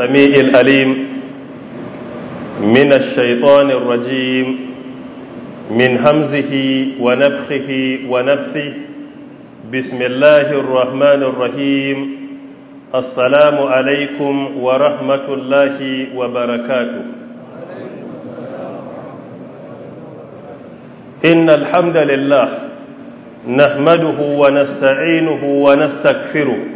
السميع الأليم من الشيطان الرجيم من همزه ونفخه ونفثه بسم الله الرحمن الرحيم السلام عليكم ورحمة الله وبركاته إن الحمد لله نحمده ونستعينه ونستغفره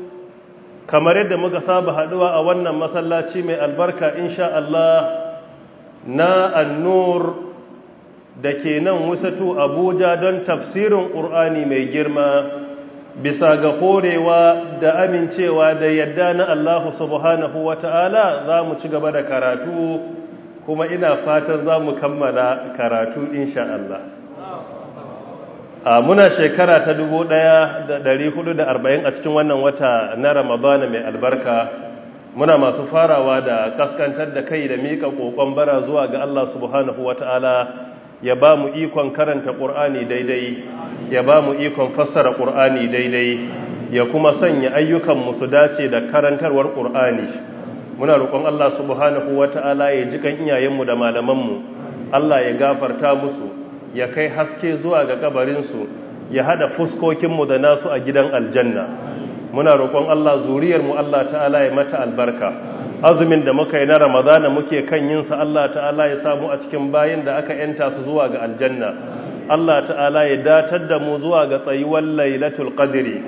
kamar yadda muka saba haduwa a wannan masallaci mai albarka insha Allah na annur da ke nan wusatu abuja don tafsirin ƙur'ani mai girma bisa ga korewa da amincewa da yadda na allahu subhanahu wa ta'ala za mu ci gaba da karatu kuma ina fatan za mu kammala karatu insha Allah muna shekara ta dubu da da arba'in a cikin wannan wata na ramadana mai albarka muna masu farawa da kaskantar da kai da miƙa kokon bara zuwa ga Allah subhanahu wataala ya ba mu ikon karanta ƙur'ani daidai ya ba mu ikon fassara ƙur'ani daidai ya kuma sanya ayyukanmu su dace da karantarwar ƙur'ani muna roƙon Allah subhanahu wataala ya ji kan iyayenmu da malamanmu Allah ya gafarta musu ya kai haske zuwa ga kabarinsu ya hada fuskokinmu da nasu a gidan aljanna muna roƙon Allah zuriyarmu Allah ta'ala ya mata albarka azumin da muka yi na ramadana muke kan yinsa Allah ta'ala ya samu a cikin bayin da aka yanta su zuwa ga aljanna Allah ta'ala ya datar da mu zuwa ga tsayuwar lailatul qadri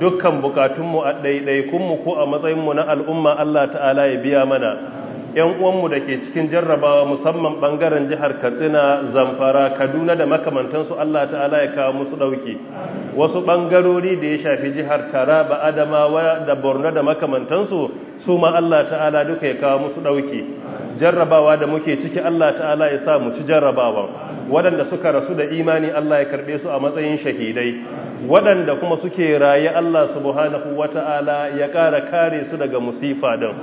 dukkan bukatunmu a ɗaiɗaikunmu ko a matsayinmu na al'umma Allah ta'ala ya biya mana yan uwanmu da ke cikin jarrabawa musamman ɓangaren jihar katsina zamfara kaduna da makamantansu allah ta'ala ya kawo musu ɗauki wasu ɓangarori da ya shafi jihar taraba adamawa da borno da makamantansu su ma allah ta'ala duka ya kawo musu ɗauki jarrabawa da muke ciki allah ta'ala ya sa mu ci jarrabawan waɗanda suka rasu da imani allah ya karɓe su a matsayin shahidai waɗanda kuma suke raye allah subhanahu wata'ala ya ƙara kare su daga musifa din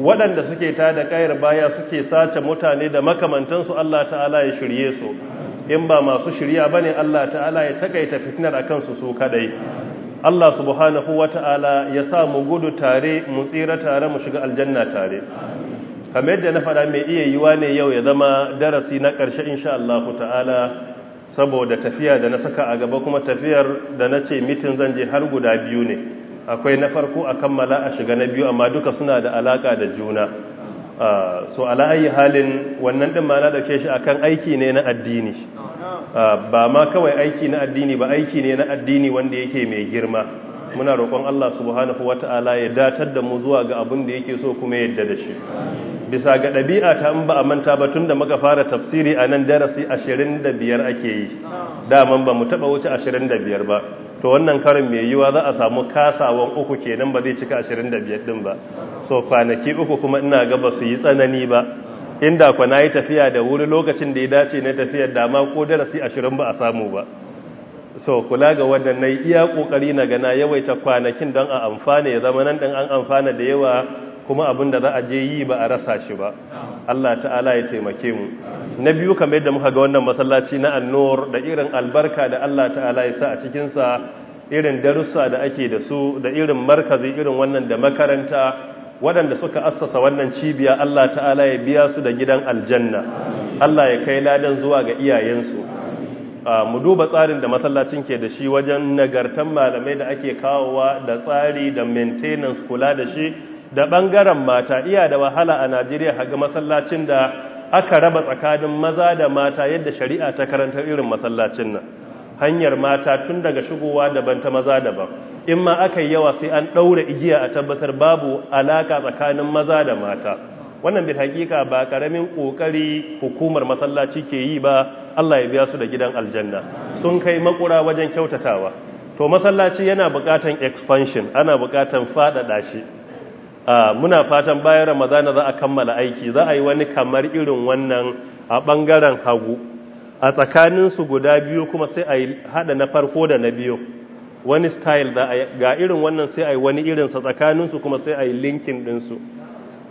waɗanda suke tada ƙayar baya suke sace mutane da makamantansu Allah ta'ala ya shirye su in ba masu shirya ba ne Allah ta'ala ya takaita fitnar a su su kadai Allah subhanahu Ta'ala ya sa mu gudu tare mu tsira tare mu shiga aljanna tare kamar yadda na faɗa mai iya yiwa ne yau ya zama darasi na ƙarshe insha Allah ta'ala saboda tafiya da na saka a gaba kuma tafiyar da na ce mitin zan je har guda biyu ne akwai na farko a kammala a shiga na biyu amma duka suna da alaka da juna ah, so ala'ayi halin wannan din ma na dauke shi akan aiki ne na addini ah, ba ma kawai aiki na addini ba aiki ne na addini wanda yake mai girma muna roƙon Allah subhanahu wata'ala ya datar da mu zuwa ga abin da yake so kuma yadda da shi bisa ga ɗabi'a ta in ba a manta ba tun da muka fara tafsiri a nan darasi ashirin da biyar ake yi daman ba mu taɓa wuce ashirin da biyar ba to wannan karin mai yiwa za a samu kasawan uku kenan ba zai cika ashirin da biyar ɗin ba so kwanaki uku kuma ina ga ba su yi tsanani ba inda na yi tafiya da wuri lokacin da ya dace na tafiyar dama ko darasi ashirin ba a samu ba so kula ga wannan na iya kokari na gana yawaita kwanakin don a amfana ya zama nan ɗin an amfana da yawa kuma abin da za a je yi ba a rasa shi ba Allah ta'ala ya taimake mu na biyu kamar yadda muka ga wannan masallaci na annur da irin albarka da Allah ta'ala ya sa a cikin sa irin darussa da ake da su da irin markazi irin wannan da makaranta waɗanda suka assasa wannan cibiya Allah ta'ala ya biya su da gidan aljanna Allah ya kai ladan zuwa ga iyayensu mu duba tsarin da masallacin ke da shi wajen nagartan malamai da ake kawowa da tsari da maintenance kula da shi da ɓangaren mata iya da wahala a najeriya haga masallacin da aka raba tsakanin maza da mata yadda shari'a ta karanta irin masallacin nan hanyar mata tun daga shigowa daban ta maza daban in ma aka yi yawa sai an ɗaura igiya a tabbatar babu alaka tsakanin maza da mata wannan bi hakika ba karamin kokari hukumar masallaci ke yi ba Allah ya biya su da gidan aljanna sun kai makura wajen kyautatawa to masallaci yana buƙatar expansion ana buƙatar faɗaɗa shi Ah, muna fatan bayan ramadana za a kammala aiki za a yi wani kamar irin wannan a ɓangaren hagu a tsakaninsu guda biyu kuma sai a yi hada na farko da na biyu wani style da ga irin wannan sai a yi wani irinsa tsakaninsu kuma sai a yi linkin ɗinsu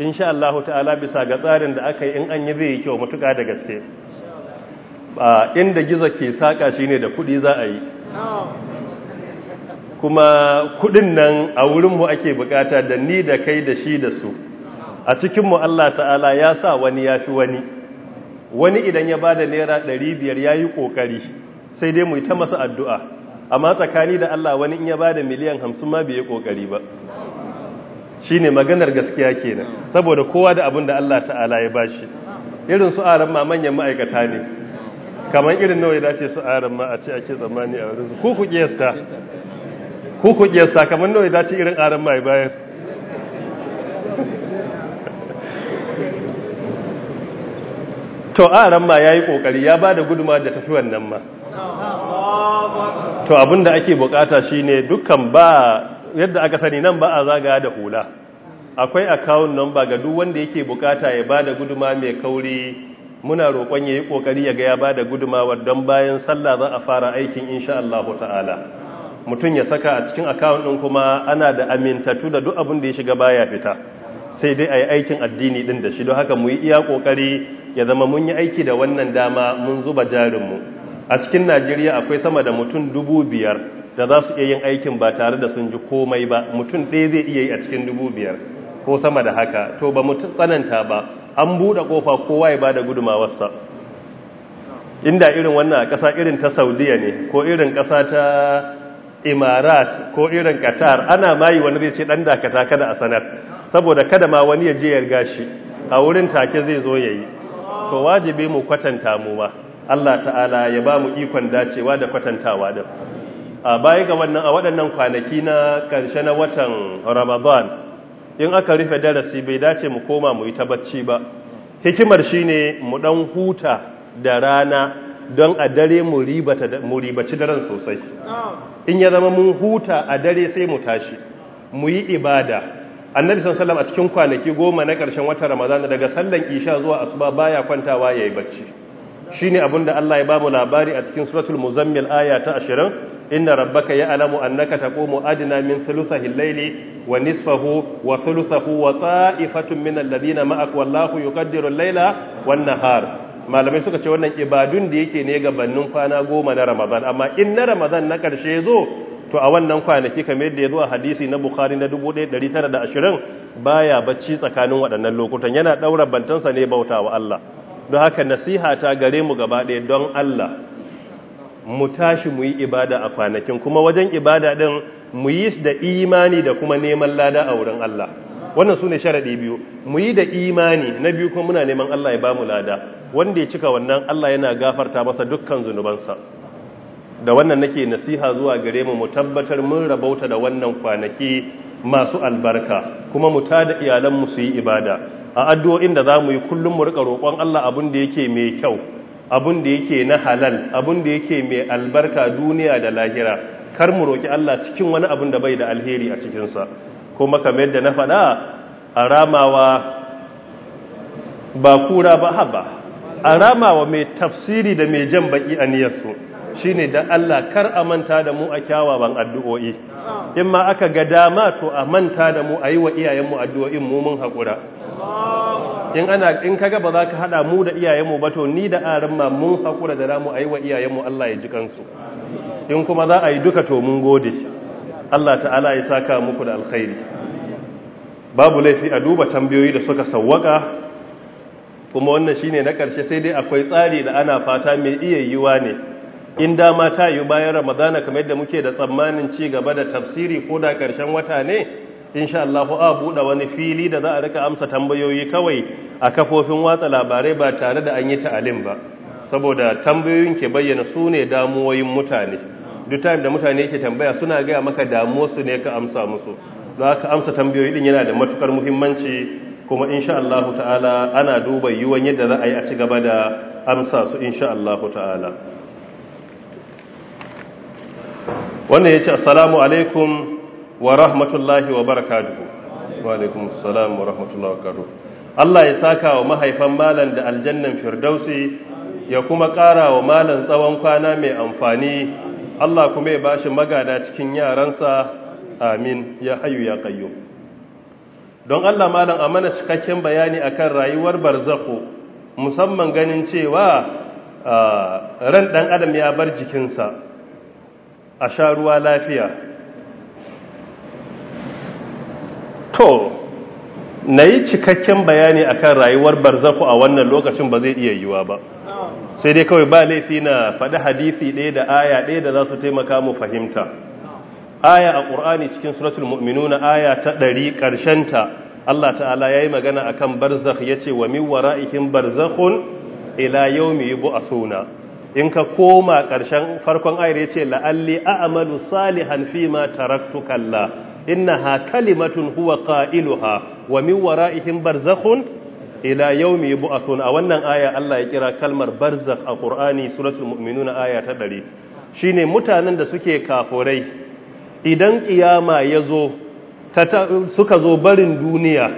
insha Allah ta'ala bisa ga tsarin da aka yi in an yi zai yi kyau matuƙa da gaske ah, inda gizo ke saƙa shine da kuɗi za a yi kuma kudin nan a wurinmu ake bukata da ni da kai da shi da su a cikinmu Allah ta'ala ya sa wani ya fi wani wani idan ya ba da naira biyar ya yi ƙoƙari sai dai mu yi ta masa addu'a amma tsakani da Allah wani in ya ba da miliyan hamsin ma bai yi ƙoƙari ba shi ne maganar gaskiya kenan saboda kowa da abin da Allah ta'ala ya ba shi irin su aran ma manyan ma'aikata ne kamar irin nawa ya dace su aran ma a ce ake tsammani a wurin su ko ku kiyasta ku ku iya kamar nawa ya dace irin aran mai bayan to aran ma yayi kokari ya bada guduma da tafi wannan ma to abinda ake bukata shine dukkan ba yadda aka sani nan ba a zaga da hula akwai account number ga duk wanda yake bukata ya bada guduma mai kauri muna roƙon yayi kokari ya ga ya bada gudumawa don bayan sallah za a fara aikin insha Allah ta'ala mutum ya saka a cikin akawun ɗin kuma ana da amintattu da duk abin da ya shiga baya fita sai dai a yi aikin addini din da shi don haka mu yi iya ƙoƙari ya zama mun yi aiki da wannan dama mun zuba jarinmu. a cikin Najeriya akwai sama da mutum dubu biyar da za su iya yin aikin ba tare da sun ji komai ba mutum ɗaya zai iya yi a cikin dubu biyar ko sama da haka to ba mu tsananta ba an buɗe ƙofa kowa ya ba da gudumawarsa inda irin wannan ƙasa irin ta saudiya ne ko irin ƙasa ta imarat ko irin qatar ana mayi wani zai ce dan dakata kada a sanar saboda kada ma wani ya je ya riga shi a wurin take zai zo yayi to wajibi mu kwatanta mu ma Allah ta'ala ya ba mu ikon dacewa da kwatantawa din a baya ga wannan a waɗannan kwanaki na ƙarshe na watan Ramadan in aka rufe darasi bai dace mu koma mu yi tabacci ba hikimar shine mu dan huta da rana don a dare mu ribaci daren sosai in ya zama mun huta a dare sai mu tashi mu yi ibada annabi sallallahu a cikin kwanaki goma na ƙarshen watan ramadana daga sallan isha zuwa asuba baya kwantawa yayi bacci shine abinda Allah ya bamu labari a cikin suratul muzammil aya ta 20 inna rabbaka alamu annaka taqumu adna min thuluthihi al-layli wa nisfahu wa thuluthahu wa ta'ifatun min alladhina ma'ak wallahu yuqaddiru al-layla wan-nahar malamai suka ce wannan ibadun da yake ne gabanin kwana goma na ramadan amma in na ramadan na karshe zo to a wannan kwanaki kamar da ya zo a hadisi na bukari na 1920 baya bacci tsakanin waɗannan lokutan yana ɗaura bantansa ne bauta wa Allah don haka nasiha ta gare mu gaba ɗaya don Allah mu tashi mu yi ibada a kwanakin kuma wajen ibada ɗin mu yi da imani da kuma neman lada a wurin Allah wannan ne sharaɗi biyu mu yi da imani na biyu kuma muna neman Allah ya ba mu lada wanda ya cika wannan Allah yana gafarta masa dukkan zunubansa da wannan nake nasiha zuwa gare mu mu tabbatar mun rabauta da wannan kwanaki masu albarka kuma mu tada iyalan mu su yi ibada a addu'o'in da mu yi kullum mu rika roƙon Allah abin da yake mai kyau abin da yake na halal abin da yake mai albarka duniya da lahira kar mu roƙi Allah cikin wani abin da bai da alheri a cikinsa. kuma kamar da na faɗa a ramawa ba kura ba haba a ramawa mai tafsiri da mai jan baƙi a niyarsu ne da Allah kar a manta da mu a kyawawan addu'o'i in ma aka ga dama to a manta da mu a yi wa iyayenmu addu'o'in mu mun haƙura in ana in kaga ba za ka haɗa mu da iyayenmu ba to ni da aran ma mun haƙura da ramu a yi wa iyayenmu Allah ya ji kansu in kuma za a yi duka to mun gode Allah ta'ala ya saka muku da alkhairi babu laifi a duba tambayoyi da suka sawwaka kuma wannan shine na karshe sai dai akwai tsari da ana fata mai iya yiwa ne in dama ta yi bayan ramadana kamar yadda muke da tsammanin ci gaba da tafsiri ko da karshen wata ne insha Allah a buɗe wani fili da za a rika amsa tambayoyi kawai a kafofin watsa labarai ba tare da an yi ta'alim ba saboda tambayoyin ke bayyana su ne damuwoyin mutane duk time da mutane yake tambaya suna gaya maka damuwarsu ne ka amsa musu za ka amsa tambayoyi din yana da matukar muhimmanci kuma insha Allah ta'ala ana duba yiwuwan yadda za a yi a ci gaba da amsa su insha Allah ta'ala wannan yace assalamu alaikum wa rahmatullahi wa barakatuhu wa alaikum assalam wa rahmatullahi wa barakatuhu Allah ya saka wa mahaifan malan da aljannan firdausi ya kuma ƙara wa malan tsawon kwana mai amfani Allah kuma ya ba shi magada cikin yaransa amin ya hayu ya qayyum don Allah malam a mana cikakken bayani akan rayuwar barzakho musamman ganin cewa ran dan adam ya bar jikinsa a sha ruwa lafiya to na yi cikakken bayani akan rayuwar barzaku a wannan lokacin ba zai iya yiwa ba sai dai kawai ba laifi na faɗi hadisi ɗaya da aya ɗaya da za su taimaka mu fahimta aya a ƙur'ani cikin suratul mu'minuna aya ta ɗari ƙarshenta Allah ta'ala ya yi magana a kan barzak ya ce wa min wara'ihin barzakun? ila yau mu yi bu'asuna in ka koma ƙarshen farkon ayar ya ce la'alli a'amalu salihan fi ma taraktu kalla innaha kalimatun huwa qailuha wa min wara'ihin barzakun? ila yaumi yub'athun a wannan aya Allah ya kira kalmar Barzak a Qur'ani suratul mu'minun aya ta ɗari. shine mutanen da suke kafurai idan kiyama zo, suka zo barin duniya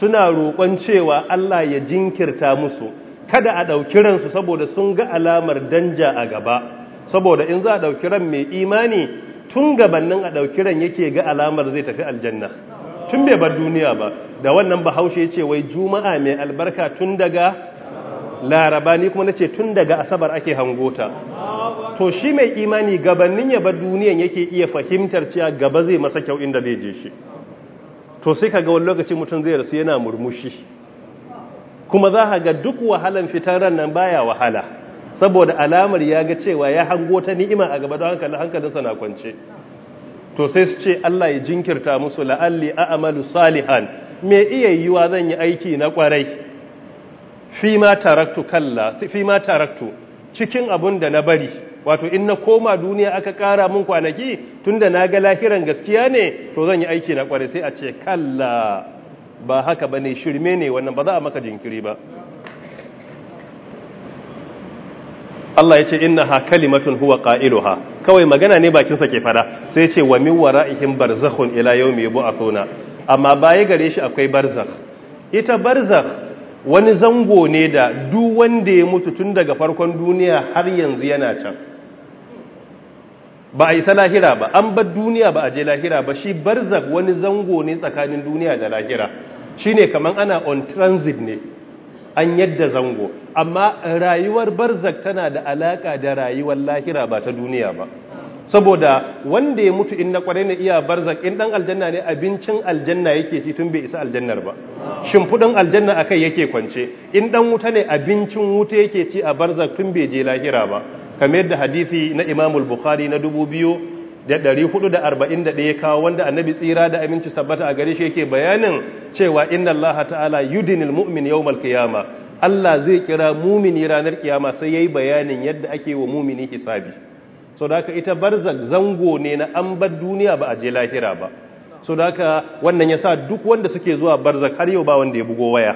suna roƙon cewa Allah ya jinkirta musu kada a ɗauki ransu saboda sun ga alamar danja a gaba saboda in za a ɗauki ran mai imani tun gabannin a ɗauki ran yake ga alamar zai tafi aljanna tun bai bar duniya ba da wannan bahaushe ce wai juma'a mai albarka tun daga laraba ni kuma nace tun daga asabar ake hangota to shi mai imani gabanin ya bar duniyan yake iya fahimtar cewa gaba zai masa kyau inda zai je shi to sai kaga wani lokaci mutum zai rasu yana murmushi kuma za ka ga duk wahalan fitar ran nan baya wahala saboda alamar ya ga cewa ya hangota ni'ima a gaba don hankalin hankalinsa na kwance to sai su ce Allah ya jinkirta musu la'alli a a'malu salihan me iya yiwa zan yi aiki na kwarai fi ma taraktu kalla fi ma taraktu cikin abun da na bari wato in na koma duniya aka ƙara mun kwanaki tunda na ga lahiran gaskiya ne to zan yi aiki na kwarai sai a ce kalla ba haka bane shirme ne wannan ba za a maka jinkiri ba Allah ya ce ha kalimatun huwa qailuha kawai magana ne bakinsa ke fada sai ce wa min wara'ihim barzakhun ila yawmi yub'athuna amma baya gare shi akwai barzakh ita barzakh wani zango ne da duk wanda ya mutu tun daga farkon duniya har yanzu yana can ba a isa lahira ba an bar duniya ba a je lahira ba shi barzakh wani zango ne tsakanin duniya da lahira shine kaman ana on transit ne an yadda zango amma rayuwar barzak tana da alaka da rayuwar lahira ba ta duniya ba saboda wanda ya mutu in na kwarai na iya barzak in dan aljanna ne abincin aljanna yake ci tun bai isa aljannar ba shimfudin aljanna akai yake kwance in dan wuta ne abincin wuta yake ci a barzak tun bai je lahira ba kamar yadda hadisi na imamul al-Bukhari na biyu. da 441 ya kawo wanda annabi tsira da aminci sabbata a gare shi yake bayanin cewa inna allaha ta'ala yudinil mu'min yawmal qiyama Allah zai kira mumini ranar kiyama sai yayi bayanin yadda ake wa mumini hisabi so da ita barzak zango ne na an bar duniya ba a je lahira ba so da wannan yasa duk wanda suke zuwa barzak har yau ba wanda ya bugo waya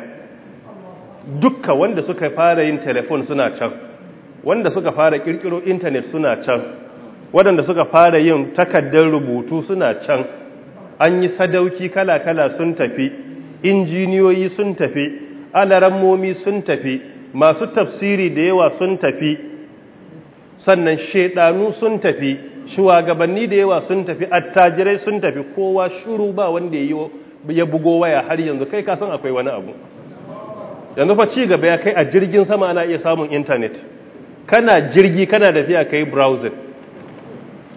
dukka wanda suka fara yin telefon suna can wanda suka fara kirkiro intanet suna can waɗanda suka fara yin takaddar rubutu suna can an yi sadauki kala-kala sun tafi injiniyoyi sun tafi alarammomi sun tafi masu tafsiri da yawa sun tafi sannan shaidanu sun tafi shugabanni da yawa sun tafi attajirai sun tafi kowa shuru ba wanda ya bugo waya har yanzu kai kasan akwai wani abu yanzu fa ci gaba ya kai a jirgin sama ana iya samun intanet kana jirgi kana tafiya kai browsing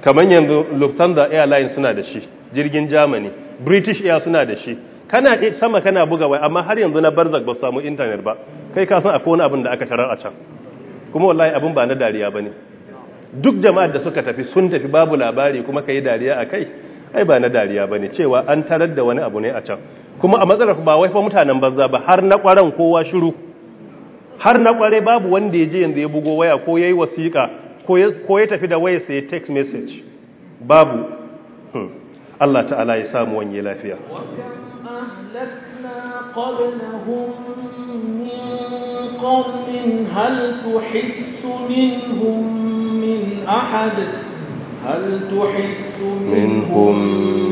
kamar yanzu Lufthansa Airlines suna da shi jirgin Germany British Air suna da shi kana sama kana buga wai amma har yanzu na barzak ba samu internet ba kai ka san akwai wani abin da aka tarar a can kuma wallahi abin ba na dariya bane duk jama'ar da suka tafi sun tafi babu labari kuma kai dariya akai ai ba na dariya bane cewa an tarar da wani abu ne a can kuma a matsalar ba wai fa mutanen banza ba har na kwaran kowa shiru har na kware babu wanda ya je yanzu ya bugo waya ko yayi wasiƙa ko ya tafi da waya sai text message babu hmm. Allah ta'ala ya samu wanye lafiya هل تحس منهم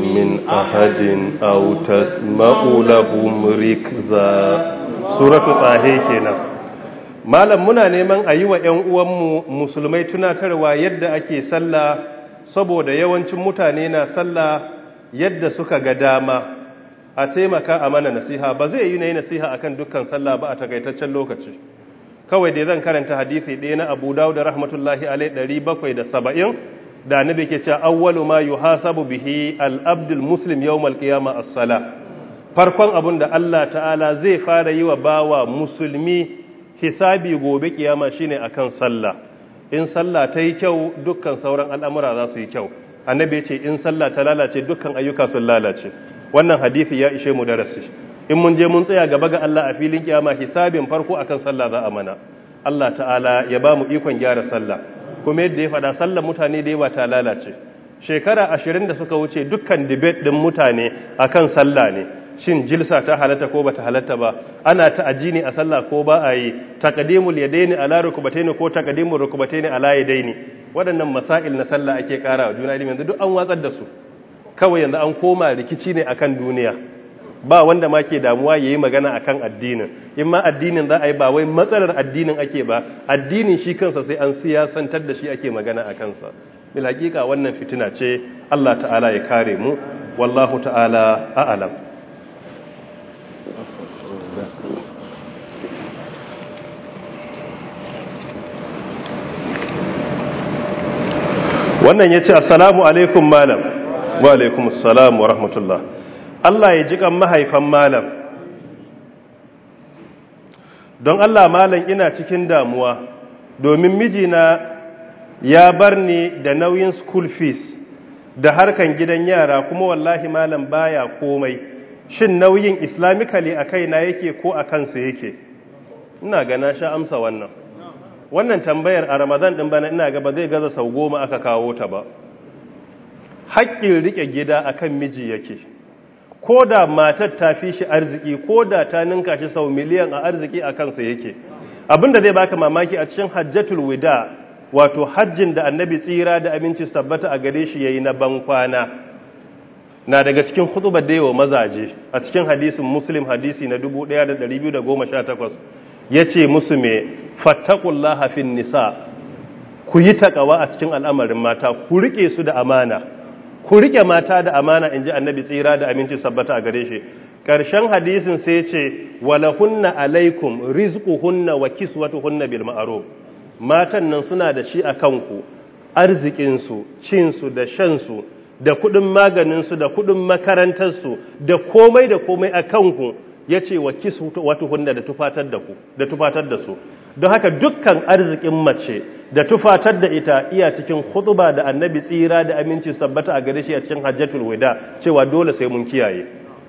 من أحد أو تسمع لهم ركزا سورة كنا malam muna neman a yi wa 'yan uwanmu musulmai tunatarwa yadda ake sallah saboda yawancin mutane na sallah yadda suka ga dama a taimaka a mana nasiha ba zai yi na yi nasiha akan dukkan sallah ba a takaitaccen lokaci kawai dai zan karanta hadisi ɗaya na abu da rahmatullahi alai ɗari bakwai da saba'in da na ke cewa awwalu ma yuhasabu bihi al muslim yau qiyama as-sala farkon abun da Allah ta'ala zai fara yi wa bawa musulmi hisabi gobe kiyama shine akan sallah in sallah ta yi kyau dukkan sauran al'amura za su yi kyau annabi ya ce in sallah ta lalace dukkan ayyuka sun lalace wannan hadisi ya ishe mu darasi in mun je mun tsaya gaba ga Allah a filin kiyama hisabin farko akan sallah za a mana Allah ta'ala ya ba mu ikon gyara sallah kuma yadda ya faɗa sallar mutane da yawa ta lalace shekara ashirin da suka wuce dukkan debate ɗin mutane akan sallah ne shin jilsa ta halatta ko bata halatta ba ana ta ajini a sallah ko ba a yi taqdimul yadaini ala rukbataini ko taqdimul rukbataini ala yadaini waɗannan masail na sallah ake karawa juna ilimi yanzu duk an watsar da su kawai yanzu an koma rikici ne akan duniya ba wanda ma ke damuwa yayi magana akan addinin in ma addinin za a yi ba wai matsalar addinin ake ba addinin shi kansa sai an siyasantar da shi ake magana a kansa bil hakika wannan fitina ce Allah ta'ala ya kare mu wallahu ta'ala a'lam wannan ya ce assalamu alaikum malam wa alaikum assalamu wa rahmatullah Allah ya ji kan mahaifan malam don Allah malam ina cikin damuwa domin mijina ya bar ni da nauyin school fees da harkan gidan yara kuma wallahi malam baya komai shin nauyin Islamikali a kaina yake ko a kansa yake ina gana sha amsa wannan wannan tambayar a ramadan ɗin bana ina ga ba zai gaza sau goma aka kawo ta ba haƙƙin riƙe gida a kan miji yake ko da matar ta fi shi arziki ko da ta ninka shi sau miliyan a arziki a kansa yake abinda zai baka mamaki a cikin hajjatul wida wato hajjin da annabi tsira da aminci tabbata a gare shi ya yi na bankwana na daga cikin hutubar da yawa mazaje a cikin hadisin muslim hadisi na 1218 ya ce musu mai Fattaƙun lahafin nisa ku yi takawa a cikin al'amarin mata ku riƙe su da amana ku riƙe mata da amana in ji annabi tsira da aminci sabbata a gare shi ƙarshen hadisin sai ce wala hunna alaikum rizku hunna wa kiswatu hunna bil ma'ruf matan nan suna da shi a kanku arzikinsu cinsu da shansu da kuɗin maganinsu da kuɗin makarantarsu da komai da komai a kanku ya ce wa kisu wata hunna da tufatar da su don haka dukkan arzikin mace da tufatar da ita iya cikin khutba da annabi tsira da aminci sabbata a gare shi a cikin hajjatul wida cewa dole sai mun kiyaye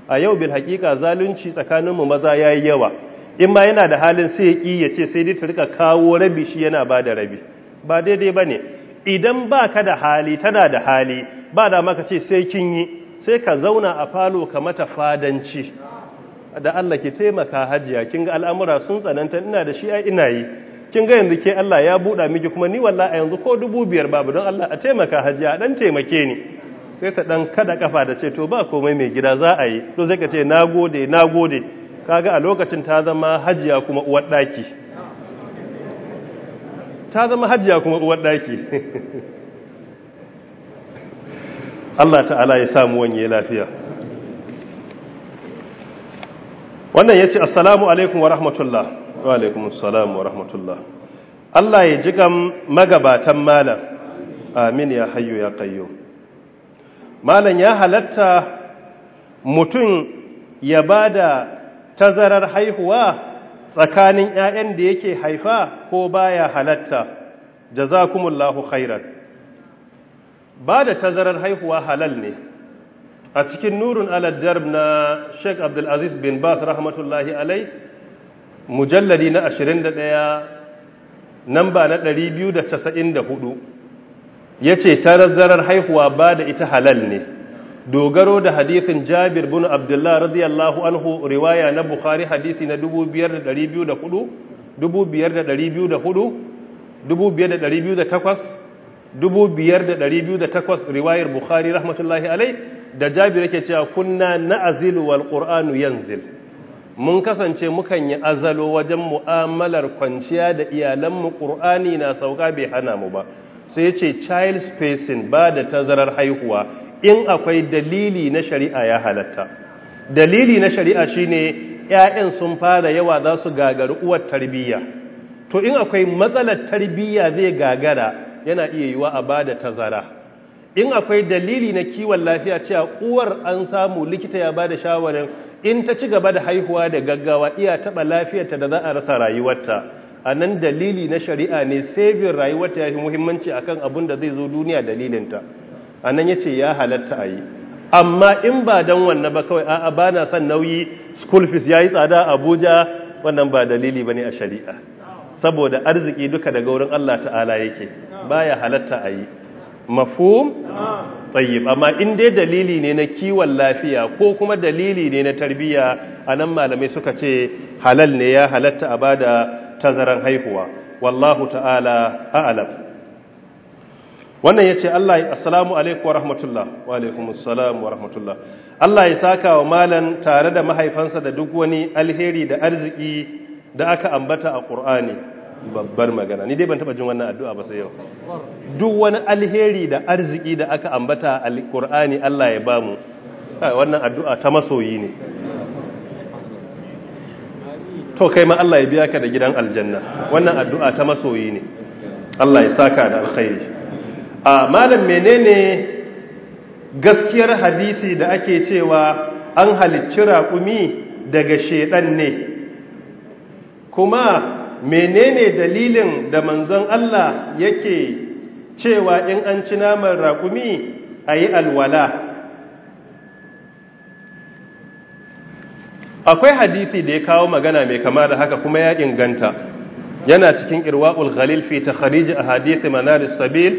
a yau bil hakika zalunci tsakaninmu maza ya yi yawa in ma yana da halin sai ya ki ya ce sai dai ta rika kawo rabi shi yana ba da rabi ba daidai bane idan ba ka da hali tana da hali ba da maka ce sai kin yi sai ka zauna a falo ka mata fadanci da Allah ke taimaka hajiya kin ga al'amura sun tsananta ina da shi ai ina yi kin ga yanzu ke Allah ya buɗa miki kuma ni wallahi a yanzu ko dubu biyar babu don Allah a taimaka hajiya dan taimake ni sai ta dan kada kafa da ce to ba komai mai gida za a yi to sai ka ce nagode nagode kaga a lokacin ta zama hajiya kuma uwar daki ta zama hajiya kuma uwar daki Allah ta'ala ya samu wani lafiya wannan ya ce assalamu alaikum wa rahmatullah wa alaikum assalamu wa rahmatullah Allah ya ji magabatan malam amin ya hayyo ya kayo malam ya halatta mutum ya ba da tazarar haihuwa tsakanin 'ya'yan da yake haifa ko baya halatta jazakumullahu khairan ba da tazarar haihuwa halal ne a cikin nurun aladjarb na sheik abdulaziz bin bas rahmatullahi alai mujalladi na 21 ba na 294 ya ce tarazzarar haihuwa ba da ita halal ne dogaro da hadisin jabir bin Abdullahi radiyallahu anhu riwaya na bukhari hadisi na 2204 2204 2208 5208 riwayar bukhari rahmatullahi alai da jabi yake cewa kunna na'zil wal qur'anu yanzil mun kasance mukan yi azalo wajen mu'amalar kwanciya da iyalanmu ƙur'ani na sauka bai hana mu ba sai ce child spacing ba da tazarar haihuwa in akwai dalili na shari'a ya halatta dalili na shari'a shine 'ya'yan sun fara yawa za su gagari uwar tarbiyya to in akwai matsalar tarbiyya zai gagara yana iya yiwa a bada tazara in akwai dalili na kiwon lafiya cewa uwar an samu likita ya bada shawarar in ta ci gaba da haihuwa da gaggawa iya taba lafiyarta da za a rasa rayuwarta a nan dalili na shari'a ne sabin rayuwarta ya fi muhimmanci a kan abin da zai zo duniya dalilinta a nan ya ce ya halatta a yi amma in ba don wannan ba kawai a'a ba na son nauyi school fees ya yi tsada abuja wannan ba dalili ba ne a shari'a saboda arziki duka daga wurin Allah ta'ala yake baya halatta a yi mafhum tsayi amma in dai dalili ne na kiwon lafiya ko kuma dalili ne na tarbiyya nan malamai suka ce halal ne ya halatta a bada tazaran haihuwa wallahu ta'ala a'lam wannan yace Allah assalamu alaikum wa rahmatullah wa alaikum assalam wa rahmatullah Allah ya saka wa malan tare da mahaifansa da duk wani alheri da arziki da aka ambata a ƙur'ani babbar magana ni dai ban taba jin wannan addu'a ba sai yau duk wani alheri da arziki da aka ambata alqur'ani Allah ya bamu wannan addu'a ta masoyi ne to kai ma Allah ya biya ka da gidan aljanna wannan addu'a ta masoyi ne Allah ya saka da alkhairi a malam menene gaskiyar hadisi da ake cewa an halicci raƙumi daga shedan ne kuma menene dalilin da manzon Allah yake cewa in an ci naman raƙumi a yi alwala akwai hadisi da ya kawo magana mai kama da haka kuma ya inganta yana cikin irwa'ul ghalil fi takhrij ahadith manaris sabil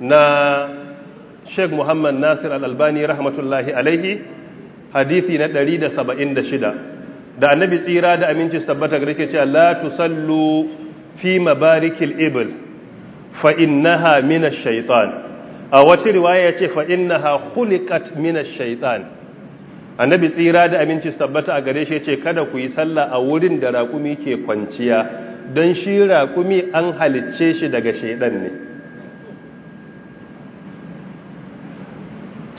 na Sheikh Muhammad Nasir Al-Albani rahmatullahi alaihi hadisi na 176 da annabi tsira da aminci tabbata ga rike cewa la tusallu fi mabarikil ibl fa innaha min ash a wata riwaya yace fa innaha khuliqat min ash-shaytan annabi tsira da aminci tabbata a gare shi yace kada ku yi sallah a wurin da raƙumi ke kwanciya don shi raƙumi an halicce shi daga shaidan ne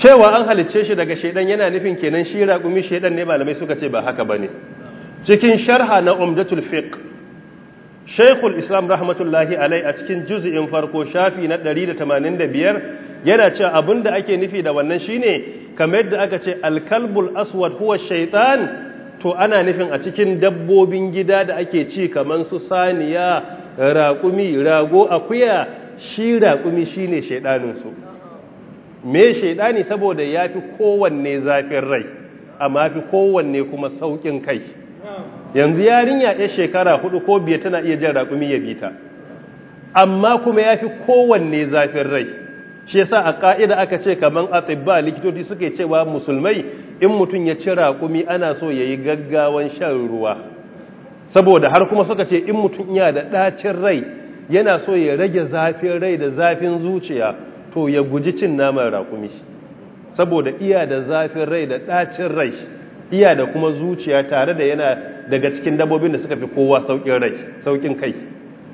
cewa an halicce shi daga shaidan yana nufin kenan shi raƙumi shaidan ne malamai suka ce ba haka ba ne cikin sharha na umdatul fiqh shaykhul Islam rahmatullahi alai a cikin juz'in farko shafi na 185 yana cewa abinda ake nufi da wannan shine kamar yadda aka ce alkalbul aswad huwa shaitan to ana nufin a cikin dabbobin gida da ake ci kaman su saniya raƙumi rago akuya shi raƙumi shine shaidanin su me ne saboda ya fi kowanne zafin rai amma fi kowanne kuma saukin kai yanzu yarinya ya shekara hudu ko biyar tana iya jin raƙumi ya bita amma kuma ya fi kowanne zafin rai shi yasa a ƙa'ida aka ce kaman atibba likitoci suke cewa musulmai in mutum ya ci raƙumi ana so ya yi gaggawan shan ruwa saboda har kuma suka ce in mutum yana da ɗacin rai yana so ya rage zafin rai da zafin zuciya to ya guji cin naman raƙumi saboda iya da zafin rai da ɗacin rai iya da kuma zuciya tare da yana daga cikin dabobin da suka fi kowa sauƙin rai saukin kai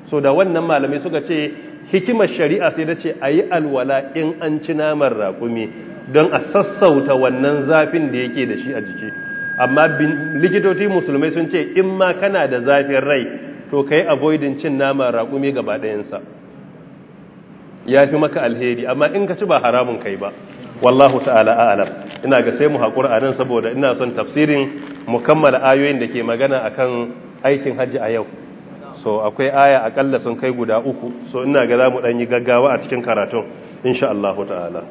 so da wannan malamai suka ce hikimar shari'a sai da ce a yi alwala in an ci naman raƙumi don a sassauta wannan zafin da yake da shi a jiki amma likitoci musulmai sun ce in ma kana da zafin rai to ka yi avoidin cin naman raƙumi gaba ɗayansa ya fi maka alheri amma in ka ci ba haramun kai ba wallahu ta'ala a'lam ina ga sai mu haƙura a saboda ina son tafsirin mu ayoyin da ke magana akan aikin hajji a yau so akwai aya akalla sun kai guda uku so ina ga za mu ɗan yi gaggawa a cikin karatun insha Allah ta'ala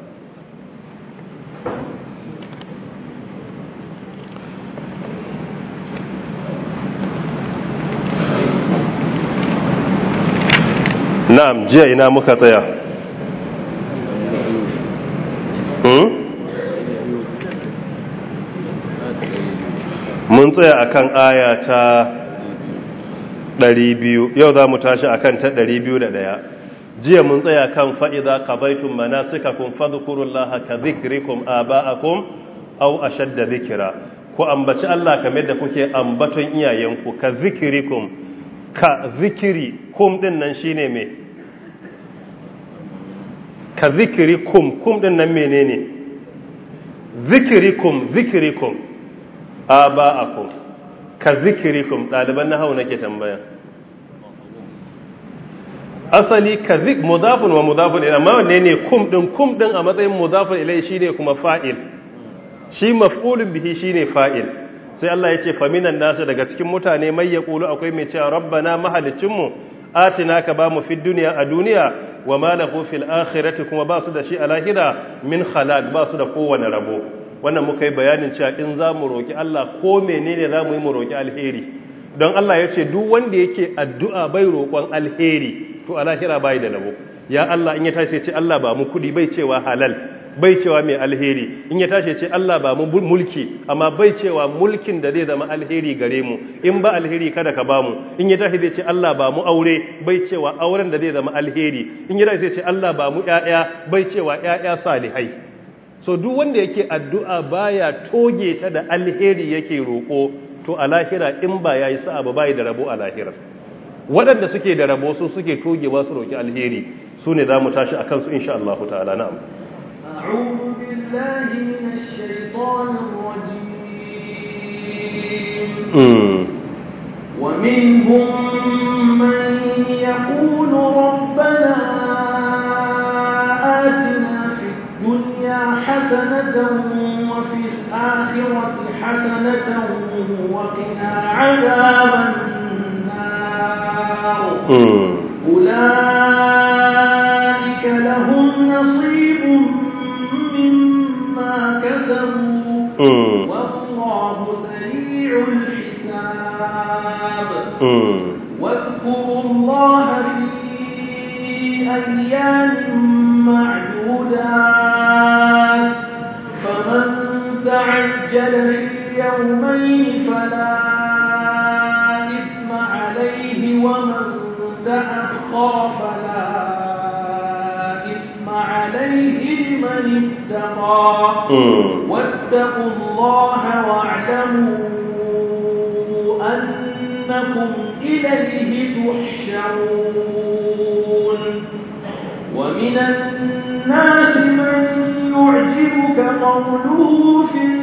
na'am jiya ina muka tsaya Hmm? mun tsaya kan aya ta 200 yau za mu tashi a kan ta ɗari biyu da ɗaya, jiya mun tsaya kan fa'iza qabaitum manasikakum laha? ka dhikrikum au a shadda zikira. ku ambaci Allah kamar da kuke ambaton iyayenku ka zikirikun ka zikiri kum din nan shine mai ka zikiri kum kum din nan menene zikiri kum zikiri kum a ba a kum ka zikiri kum ɗaliban na hau nake tambaya asali ka zik mudafin wa mudafin ila amma ne ne kum din kum din a matsayin ila shi shine kuma fa'il shi maf'ulun bihi shine fa'il sai Allah ya ce faminan nasu daga cikin mutane mai yaqulu akwai mai cewa rabba na mahalicinmu atina ka ba mu fi duniya a duniya wa malahu fil akhirati kuma ba su da shi a lahira min khalaq ba su da kowane rabo wannan muka yi bayanin cewa in za mu roki Allah ko menene za mu yi mu roki alheri don Allah ya ce duk wanda yake addu'a bai roƙon alheri to a lahira bai da rabo ya Allah in ya tashi ce Allah ba mu kudi bai cewa halal bai cewa mai alheri in ya tashi ce Allah ba mulki amma bai cewa mulkin da zai zama alheri gare mu in ba alheri kada ka ba mu in ya tashi zai ce Allah ba mu aure bai cewa auren da zai zama alheri in ya tashi zai ce Allah ba mu ƴaƴa bai cewa ƴaƴa salihai so duk wanda yake addu'a baya toge ta da alheri yake roko to a lahira in ba yayi sa'a ba bai da rabo a lahira waɗanda suke da rabo su suke togewa su roki alheri su ne za mu tashi a kansu insha Allah ta'ala na'am أعوذ بالله من الشيطان الرجيم ومنهم من يقول ربنا آتنا في الدنيا حسنة وفي الآخرة حسنة وقنا عذاب النار أولئك لهم نصيب والله سريع الحساب واذكروا الله في أيام معدودات فمن تعجل في يومين فلا إثم عليه ومن تأخر فلا إثم عليه لمن اتقى فاتقوا الله واعلموا أنكم إليه تحشرون ومن الناس من يعجبك قوله في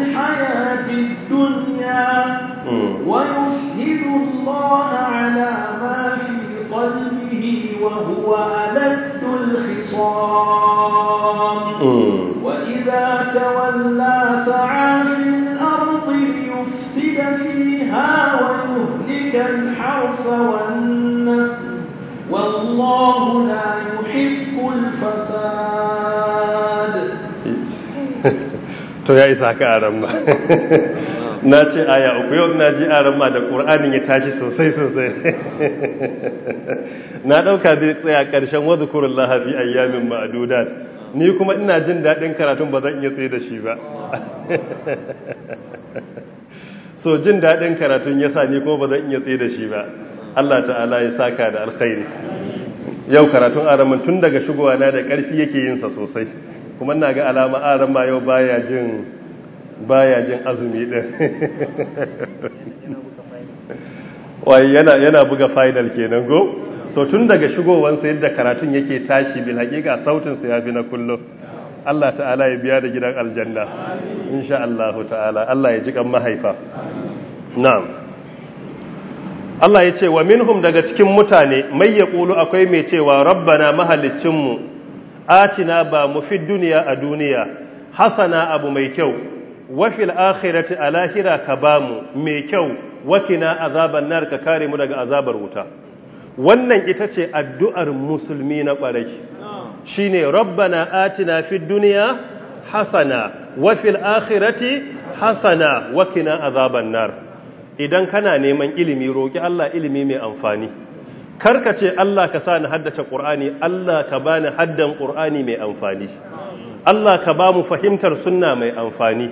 to ya isa haka aran na ce aya uku yau na ji aran da ƙur'anin ya tashi sosai sosai na ɗauka zai tsaya ƙarshen wadda kurin lahafi ayyamin ma'adudat ni kuma ina jin daɗin karatun ba zan iya tsaye da shi ba so jin daɗin karatun ya sa ni ko ba zan iya tsaye da shi ba Allah ta'ala ya saka da alkhairi yau karatun aramin tun daga shigowa na da ƙarfi yake yinsa sosai kuma na ga alama aran ma yau baya jin jin azumi din wai yana buga final kenan go So tun daga shigowansa yadda karatun yake tashi bil hakika sautin sa yafi na kullum Allah ta'ala ya biya da gidan aljanna insha Allah ta'ala Allah ya ji kan mahaifa na'am Allah ya ce wa minhum daga cikin mutane mai yaqulu akwai mai cewa rabbana mu. atina ba mu fi duniya a duniya hasana abu mai kyau wafil akhirati a lahira ka ba mu mai kyau wakina azaban nar ka kare mu daga azabar wuta wannan ita ce addu'ar musulmi na ƙwarai shi ne rabbana atina fi duniya hasana wafil akhirati hasana wakina azaban nar idan kana neman ilimi roƙi Allah ilimi mai amfani karka ce Allah ka sa ni haddace Qur'ani Allah ka bani haddan Qur'ani mai amfani Allah ka ba mu fahimtar sunna mai amfani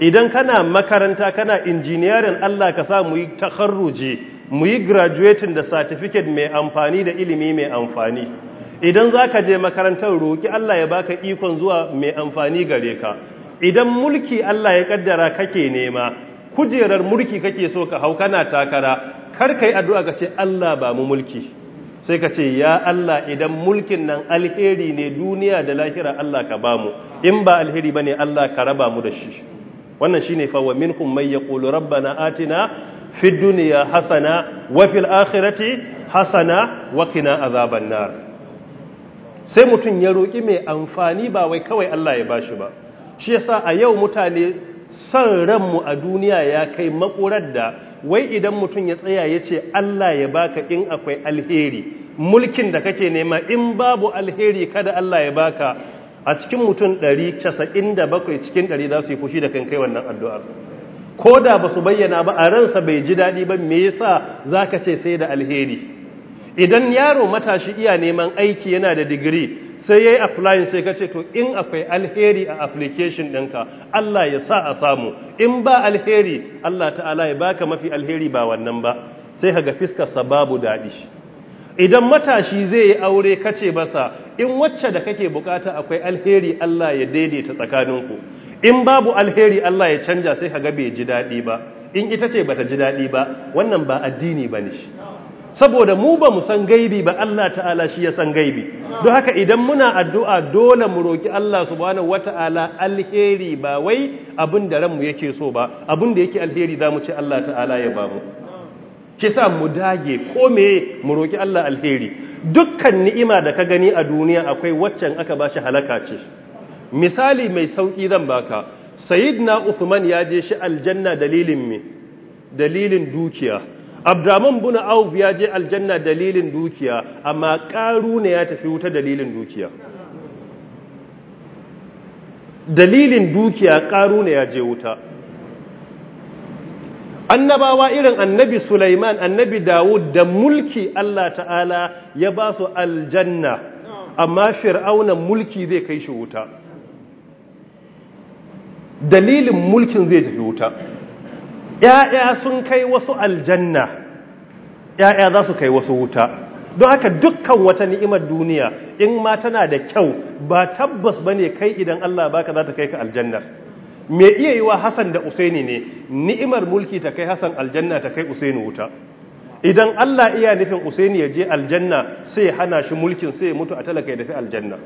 idan kana makaranta kana injiniyarin Allah ka sa mu yi takharruje mu yi graduating da certificate mai amfani da ilimi mai amfani idan zaka je makarantar roki Allah ya baka ikon zuwa mai amfani gare ka idan mulki Allah ya kaddara kake nema kujerar mulki kake so ka hau kana takara kar ka yi addu'a ka ce Allah ba mu mulki sai ka ce ya Allah idan mulkin nan alheri ne duniya da lahira Allah ka ba mu in ba alheri ba ne Allah ka raba mu da shi wannan shi ne fawa min kummai ya ƙulu rabbana atina fi duniya hasana wa fil akhirati hasana wa kina azaban nar sai mutum ya roƙi mai amfani ba wai kawai Allah ya bashi ba shi yasa a yau mutane son ranmu a duniya ya kai makurar da wai idan mutum ya tsaya ya ce Allah ya baka in akwai alheri mulkin da kake nema in babu alheri kada Allah ya baka a cikin mutum 197 cikin 100 za su yi fushi da kan kai wannan addu'ar ko da ba su bayyana ba a ransa bai ji daɗi ba me yasa za ka ce sai da alheri idan yaro matashi iya neman aiki yana da digiri sai ya yayi applying sai ka ce to in akwai alheri a application ɗinka Allah ya sa a samu in ba alheri Allah ta'ala ya baka mafi alheri ba wannan ba sai kaga fiskar sababu babu daɗi idan matashi zai yi aure ka kace basa in wacce da kake bukata akwai alheri Allah ya daidaita tsakaninku in babu alheri Allah ya canja sai kaga bai ji daɗi ba in ita ce bata ji daɗi ba wannan ba addini ba ne shi saboda mu ba mu san gaibi ba Allah ta'ala shi ya san gaibi don haka idan muna addu'a dole mu roki Allah subhanahu wata'ala alheri ba wai abin da ranmu yake so ba abin da yake alheri za mu ce Allah ta'ala ya ba mu kisa mu dage ko me mu roki Allah alheri dukkan ni'ima da ka gani a duniya akwai waccan aka ba shi halaka ce misali mai sauki zan baka sayyidna Uthman ya je shi aljanna dalilin me dalilin dukiya abdurrahman buna auf ya je aljanna dalilin dukiya amma ne ya tafi wuta dalilin dukiya dalilin dukiya ne ya je wuta annabawa irin annabi Sulaiman annabi Dawud da mulki Allah ta'ala ya ba su aljanna amma fir'auna mulki zai kai shi wuta dalilin mulkin zai tafi wuta ‘ya'ya sun kai wasu aljanna ‘ya'ya za su kai wasu wuta don haka dukkan wata ni'imar duniya in ma tana da kyau ba tabbas ba ne kai idan Allah baka za ta kai ka aljannar me iya yi wa Hassan da Usaini ne ni'imar mulki ta kai Hassan aljanna ta kai Usaini wuta idan Allah iya nufin Usaini ya je aljanna sai hana shi mulkin sai ya mutu a talaka ya dafi aljanna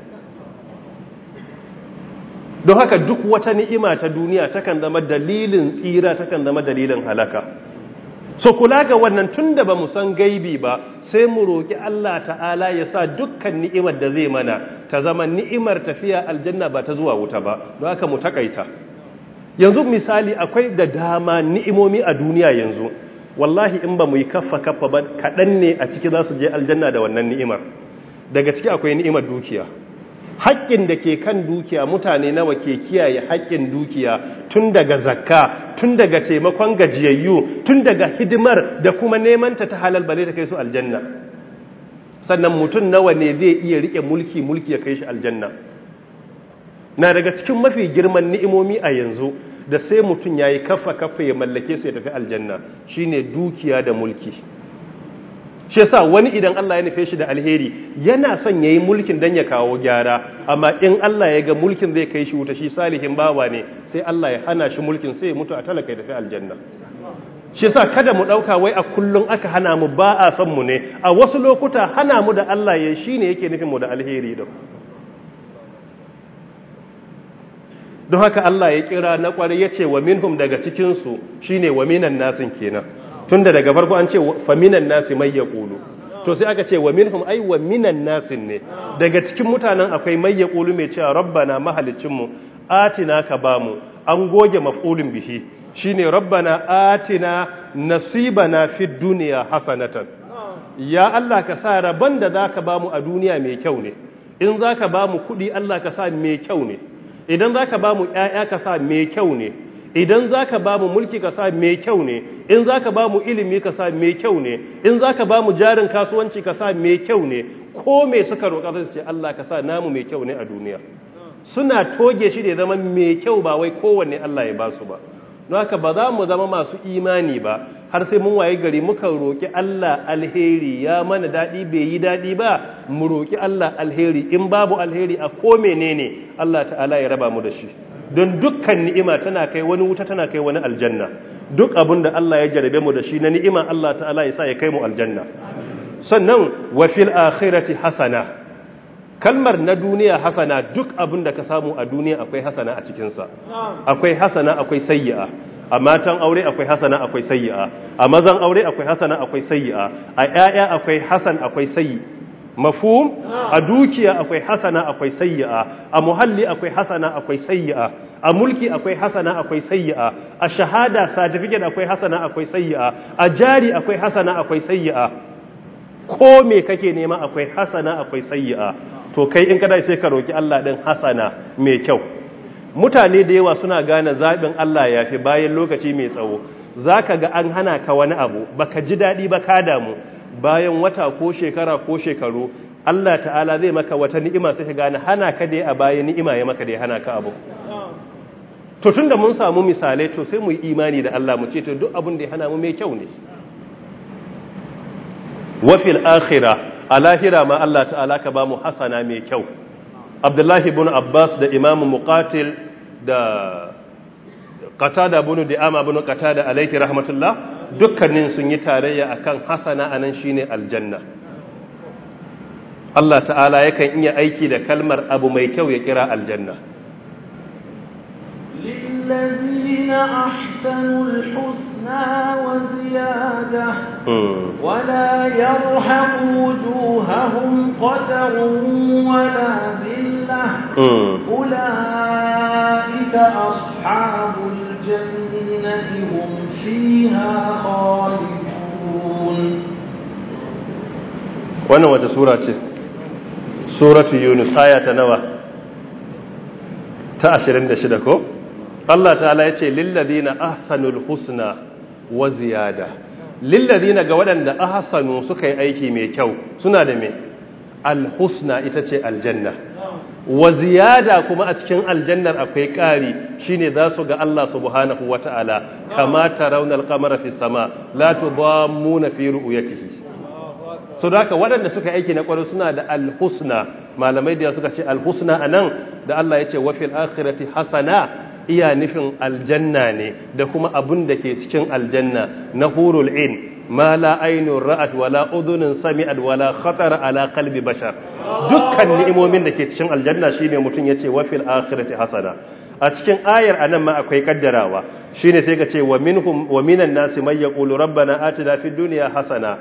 don haka duk wata ni'ima ta duniya takan zama dalilin tsira takan zama dalilin halaka so kula ga wannan tun da ba mu san gaibi ba sai mu roki Allah ta'ala ya sa dukkan ni'imar da zai mana ta zama ni'imar tafiya aljanna ba ta zuwa wuta ba don haka mu takaita yanzu misali akwai da dama ni'imomi a duniya yanzu wallahi in ba mu yi kaffa kaffa ba kaɗan ne a ciki za su je aljanna da wannan ni'imar daga ciki akwai ni'imar dukiya haƙƙin da ke kan dukiya mutane nawa ke kiyaye haƙƙin dukiya tun daga zakka tun daga taimakon gajiyayyu tun daga hidimar da kuma nemanta ta halal bale ta kai su aljanna sannan mutum nawa ne zai iya rike mulki mulki ya kai shi aljanna na daga cikin mafi girman ni'imomi a yanzu da sai mutum ya yi kafa kafa ya mallake su ya tafi aljanna shine dukiya da mulki shi sa wani idan Allah ya nufe shi da alheri yana son yayi mulkin dan ya kawo gyara amma in Allah ya ga mulkin zai kai shi wuta shi salihin bawa ne sai Allah ya hana shi mulkin sai ya mutu a talaka ya tafi aljanna shi sa kada mu ɗauka, wai a kullum aka hana mu ba a son mu ne a wasu lokuta hana mu da Allah ya shine yake nufin mu da alheri da don haka Allah ya kira na kwarai ya ce wa minhum daga cikinsu shine wa minan nasin kenan tun da daga farko an ce faminan nasi mai ya ƙulu to sai aka ce wa minhum ai wa minan nasin ne daga cikin mutanen akwai mai ya ƙulu mai cewa rabbana mahalicinmu atina ka bamu an goge maf'ulin bihi shine rabbana atina nasibana fi duniya hasanatan ya Allah ka sa rabon da zaka bamu a duniya mai kyau ne in zaka bamu kuɗi Allah ka sa mai kyau ne idan zaka bamu yaya ka sa mai kyau ne idan za ka ba mu mulki ka sa mai kyau ne in za ka ba mu ilimi ka sa mai kyau ne in za ka ba mu jarin kasuwanci ka sa mai kyau ne ko me suka roƙa zai ce Allah ka sa namu mai kyau ne a duniya suna toge shi da zama mai kyau ba wai kowanne Allah ya ba su ba don haka ba za mu zama masu imani ba har sai mun waye gari muka roƙi Allah alheri ya mana daɗi bai yi daɗi ba mu roƙi Allah alheri in babu alheri a ko menene Allah ta'ala ya raba mu da shi don dukkan ni'ima tana kai wani wuta tana kai wani aljanna duk abin da Allah ya jarabe mu da shi na ni'ima Allah ta'ala ya sa ya kai mu aljanna sannan wa fil akhirati hasana kalmar na duniya hasana duk abin da ka samu a duniya akwai hasana a cikinsa. sa akwai hasana akwai sayyi'a a matan aure akwai hasana akwai sayyi'a a mazan aure akwai hasana akwai sayi'a. a yaya akwai hasan akwai sayi. mafhum a dukiya akwai hasana akwai sayya'a a muhalli akwai hasana akwai sayi'a. a mulki akwai hasana akwai sayya'a a shahada certificate akwai hasana akwai sayya'a a jari akwai hasana akwai sayya'a ko me kake nema akwai hasana akwai sayya'a to kai in kada sai ka roki Allah din hasana mai kyau mutane da yawa suna gane zabin Allah yafi bayan lokaci mai tsawo zaka ga an hana ka wani abu baka ji dadi ba ka damu bayan wata ko shekara ko shekaru Allah ta'ala zai maka wata ni'ima sai ka gane hana ka dai a baya ni'ima ya maka dai hana ka abu to tunda mun samu misalai to sai mu yi imani da Allah mu ce to duk abin da ya hana mu mai kyau ne wa fil akhirah a lahira ma Allah ta'ala ka ba mu hasana mai kyau Abdullahi ibn Abbas da Imam Muqatil da qatada bunu di'ama kata qatada alayhi rahmatullah dukkanin sun yi tarayya akan hasana anan shine aljanna Allah ta'ala yakan iya aiki da kalmar abu mai kyau ya kira aljanna للذين أحسنوا الحسنى وزيادة ولا يرحق وجوههم قتر ولا ذلة أولئك أصحاب الجنة هم فيها خالدون wannan wata sura ce suratu yunus aya ta nawa ta 26 ko Allah ta'ala ya ce lilladina ahsanul husna wa ziyada lilladina ga waɗanda ahsanu suka yi aiki mai kyau suna da mai. alhusna ita ce aljanna wa ziyada kuma a cikin aljannar akwai ƙari shine za su ga Allah subhanahu wata'ala kama tarawna al-qamara fi sama la tudammuna fi ru'yatihi so waɗanda suka aiki na ƙwaro suna da alhusna malamai da suka ce alhusna husna anan da Allah ya ce wa fil akhirati hasana iya nufin aljanna ne da kuma abun da ke cikin aljanna na hurul in ma la ainun ra'at wala udhunun sami'at wala khatar ala bashar dukkan ni'imomin da ke cikin aljanna shine mutum yace ce fil akhirati hasana a cikin ayar a nan ma akwai kaddarawa shine sai ka ce wa minhum wa minan nasi may yaqulu rabbana atina fid dunya hasana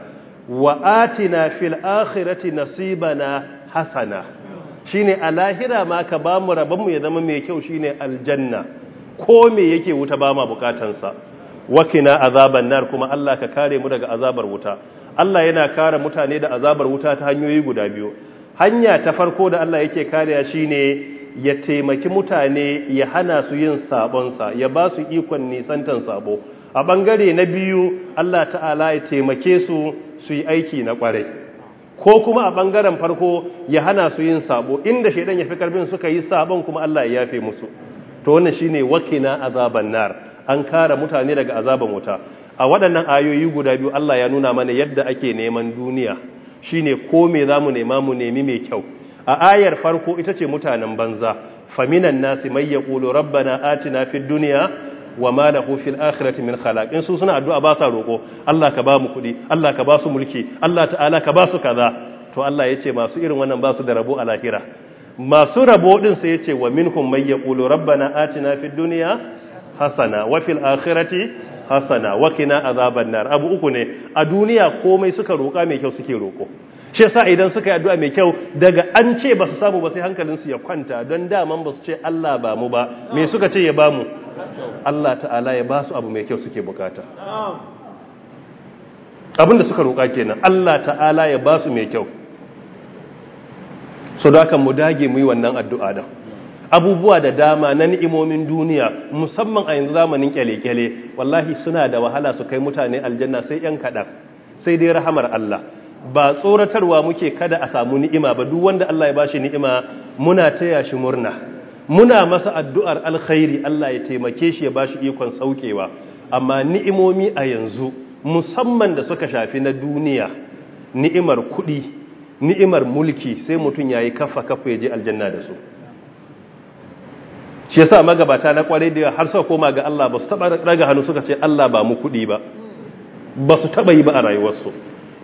wa atina fil akhirati nasibana hasana shine a lahira ma ka ba mu ya zama mai kyau shine aljanna ko me yake wuta ba ma bukatansa wakina azaban nar kuma Allah ka kare mu daga azabar wuta Allah yana kare mutane da azabar wuta ta hanyoyi guda biyu hanya ta farko da Allah yake kariya shine ya taimaki mutane ya hana su yin sabonsa ya ba su ikon nisantan sabo a bangare na biyu Allah ta'ala ya taimake su su yi aiki na kwarai ko kuma a bangaren farko ya hana su yin sabo inda shaidan ya fi karbin suka yi sabon kuma Allah ya yafe musu to wannan shine wakina azaban nar an kare mutane daga azaban wuta a waɗannan ayoyi guda biyu Allah ya nuna mana yadda ake neman duniya shine ko me zamu nema mu nemi mai kyau a ayar farko ita ce mutanen banza faminan nasi may yaqulu rabbana atina fid dunya wama lahu fil akhirati min khalaq in su suna addu'a ba sa roko Allah ka ba mu kudi Allah ka ba su mulki Allah ta'ala ka ba su kaza to Allah yace masu irin wannan ba su da rabo a lahira masu rabo din sai yace wa minhum may yaqulu rabbana atina fid dunya hasana wa fil akhirati hasana wa kina azaban nar abu uku ne a duniya komai suka roka mai kyau suke roko shi yasa idan suka yi addu'a mai kyau daga an ce ba su samu ba sai hankalin su ya kwanta don daman ba su ce Allah ba mu ba me suka ce ya ba mu Allah ta'ala ya ba su abu mai kyau suke bukata da suka roka kenan Allah ta'ala ya ba su mai kyau so da kan mu dage mu yi wannan addu'a da abubuwa da dama na ni'imomin duniya musamman a yanzu zamanin kyale-kyale wallahi suna da wahala su kai mutane aljanna sai yan kaɗan sai dai rahamar Allah ba tsoratarwa muke kada a samu ni'ima ba duk wanda Allah ya bashi ni'ima muna taya shi murna muna masa addu'ar alkhairi Allah ya taimake shi ya bashi ikon saukewa amma ni'imomi a yanzu musamman da suka shafi na duniya ni'imar kuɗi ni'imar mulki sai mutum yayi kafa kafa ya je aljanna da su shi yasa magabata na kwarai da har suka koma ga Allah ba su taba daga hannu suka ce Allah ba mu kudi ba ba su taba yi ba a rayuwarsu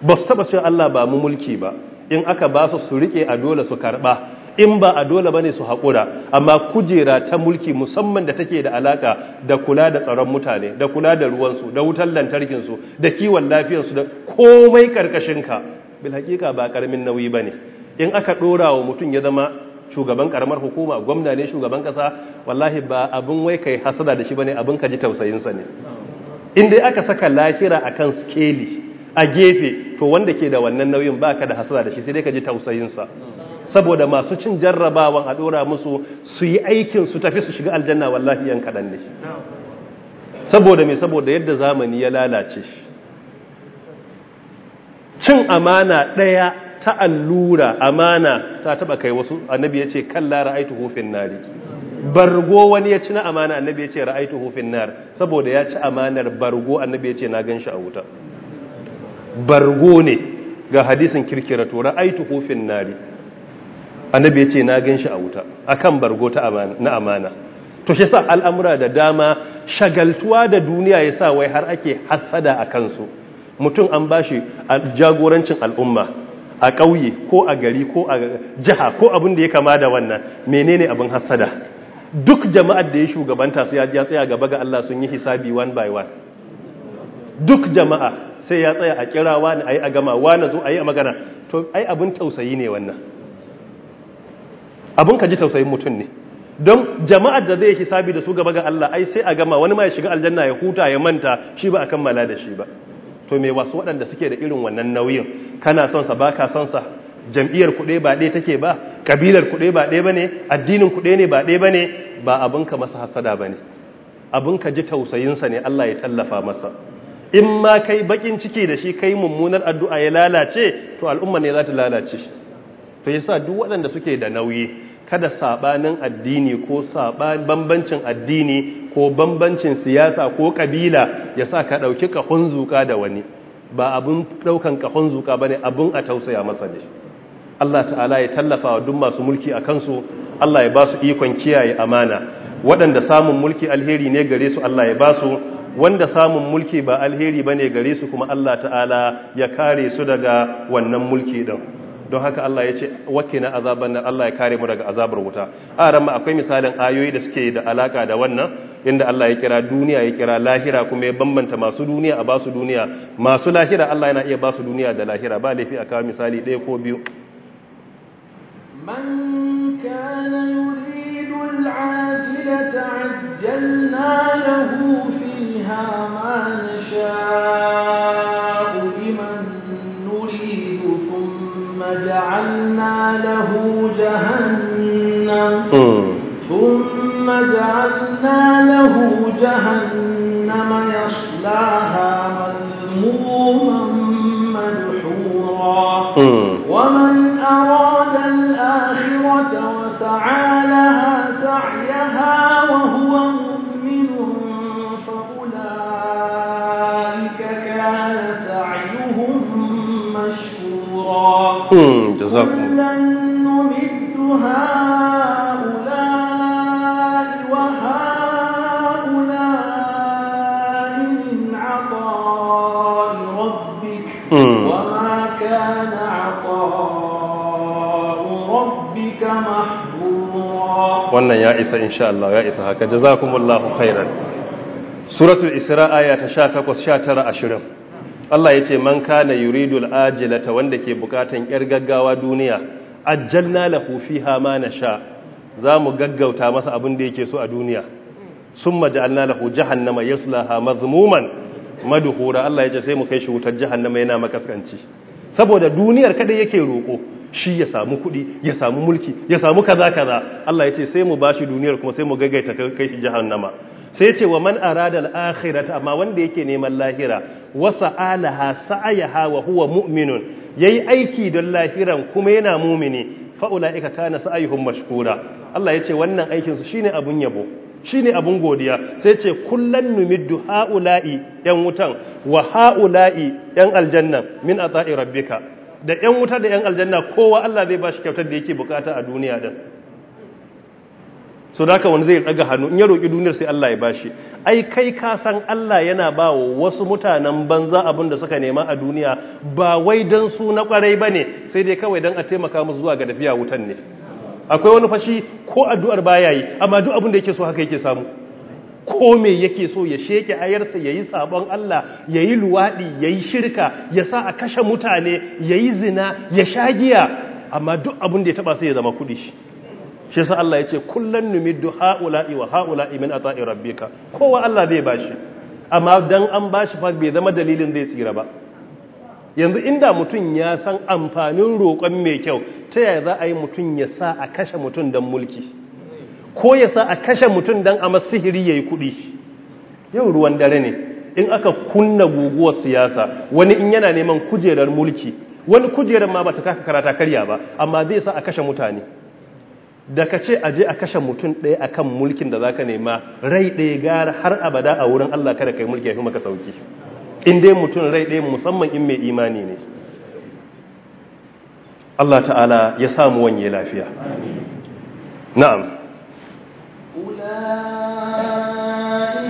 ba su taba cewa Allah ba mu mulki ba in aka ba su su rike a dole su karba in ba a dole bane su haƙura. amma kujera ta mulki musamman da take da alaka da kula da tsaron mutane da kula da ruwan su da wutar lantarkin su da kiwon lafiyar su da komai karkashin ka bil hakika ba karamin nauyi bane in aka dora wa mutum ya zama shugaban karamar hukuma gwamna ne shugaban kasa wallahi ba abin wai kai hasada da shi bane abin ka ji tausayin ne in dai aka saka lahira akan skeli a gefe to wanda ke da wannan nauyin baka da hasada da shi sai dai ka ji tausayin saboda masu cin jarrabawan a dora musu su yi aikin su tafi su shiga aljanna wallahi yan kadan ne saboda me saboda yadda zamani ya lalace cin amana daya ta allura amana ta taba kai wasu annabi ya ce kalla ra'aitu hufin nari bargo wani ya ci na amana annabi ya ce ra'aitu hufin nar saboda ya ci amanar bargo annabi ya ce na ganshi a wuta bargo ne ga hadisin kirkira to ra'aitu hufin nari annabi ya ce na ganshi a wuta akan bargo ta amana na amana to shi sa al'amura da dama shagaltuwa da duniya ya sa wai har ake hasada a kansu mutum an bashi jagorancin al'umma a ƙauye ko a gari ko a jiha ko abin da ya kama da wannan menene abin hassada duk jama'ar da ya shugabanta sai ya tsaya gaba ga Allah sun yi hisabi one by one duk jama'a sai ya tsaya a kira wani ayi a gama wani zo ayi a magana to ai abin tausayi ne wannan abin ka ji tausayin mutum ne don jama'ar da zai hisabi da su gaba ga Allah ai sai a gama wani ma ya shiga aljanna ya huta ya manta shi ba a kammala da shi ba to mai wasu waɗanda suke da irin wannan nauyin kana sonsa, sa ka son jam'iyyar kuɗe ba ɗaya take ba Ƙabilar kuɗe ba ɗaya ne. addinin kuɗe ne ba ɗaya ne. ba abin ka masa hasada ne. abin ka ji tausayinsa ne Allah ya tallafa masa in ma kai baƙin ciki da shi kai mummunar addu'a ya lalace to al'umma ne za ta lalace to yasa duk waɗanda suke da nauyi kada sabanin addini ko saban bambancin addini ko bambancin siyasa ko kabila ya sa ka ɗauki ƙahun zuka da wani ba abun ɗaukan ƙahun zuka bane abun a tausaya masa ne Allah ta'ala ya tallafa wa duk masu mulki a kansu Allah ya ba su ikon kiyaye amana waɗanda samun mulki alheri ne gare su Allah ya ba su wanda samun mulki ba alheri ba ne gare su kuma Allah ta'ala ya kare su daga wannan mulki din don haka Allah ya ce na azabar nan Allah ya kare mu daga azabar wuta a ramma akwai misalin ayoyi da suke da alaka da wannan inda Allah ya kira duniya ya kira lahira kuma ya bambanta masu duniya a basu duniya masu lahira Allah yana iya basu duniya da lahira ba laifi a kawo misali ɗaya ko biyu man kana yuridu al'ajilata ajjalna lahu fiha ma nasha فجعلنا له جهنم ثم جعلنا له جهنم يصلاها مذموما مدحورا ومن أراد الآخرة وسعى لها سعيها وهو جزاكم كلا نمد هؤلاء وهؤلاء من عطاء ربك وما كان عطاء ربك محظورا وانا يا إسا إن شاء الله يا إسا هكا جزاكم الله خيرا سورة الإسراء آية 18 19 20 Allah ya ce man kana yuridul ajilata wanda ke bukatan yar gaggawa duniya ajjalna lahu fiha ma nasha zamu gaggauta masa abin da yake so a duniya summa ja'alna lahu jahannama yaslaha mazmuman madhura Allah ya ce sai mu kai shi wutar jahannama yana makaskanci saboda duniyar kada yake roko shi ya samu kuɗi ya samu mulki ya samu kaza kaza Allah ya ce sai mu bashi duniyar kuma sai mu gaggaita kai shi jahannama sai ce wa man arada al-akhirata amma wanda yake neman lahira wa sa'alaha sa'ayaha wa huwa mu'minun yayi aiki don lahiran kuma yana mu'mini fa ulaika kana sa'ayuhum mashkura Allah yace wannan aikin su shine abun yabo shine abun godiya sai ce kullan numiddu haula'i yan wutan wa haula'i yan aljanna min ata'i rabbika da yan wuta da yan aljanna kowa Allah zai bashi kyautar da yake bukata a duniya din so da haka wani zai daga hannu in ya roƙi duniyar sai Allah ya bashi ai kai ka san Allah yana ba wa wasu mutanen banza abin da suka nema a duniya ba wai dan su na kwarai ne sai dai kawai dan a taimaka musu zuwa ga tafiya wutan ne akwai wani fashi ko addu'ar baya yi amma duk abin da yake so haka yake samu ko me yake so ya sheke ayarsa yayi sabon Allah yayi luwadi yayi shirka ya sa a kashe mutane yayi zina ya sha giya, amma duk abin da ya taba sai ya zama kudi shi shi sa Allah ya ce kullan numiddu haula'i wa haula'i min rabbi ka. kowa Allah zai bashi amma don an ba shi fa bai zama dalilin zai tsira ba yanzu inda mutum ya san amfanin roƙon mai kyau ta yaya za a yi mutum ya sa a kashe mutum don mulki ko ya sa a kashe mutum don a masihiri ya yi kuɗi yau ruwan dare ne in aka kunna guguwar siyasa wani in yana neman kujerar mulki wani kujerar ma ba ta taka karata karya ba amma zai sa a kashe mutane da ka ce je a kashe mutum ɗaya akan mulkin da za ka nema rai ɗaya gara har abada a wurin Allah kada kai mulki ya fi maka sauki in dai mutum rai ɗaya musamman in mai imani ne Allah ta'ala ya samu ya lafiya na'am ulaika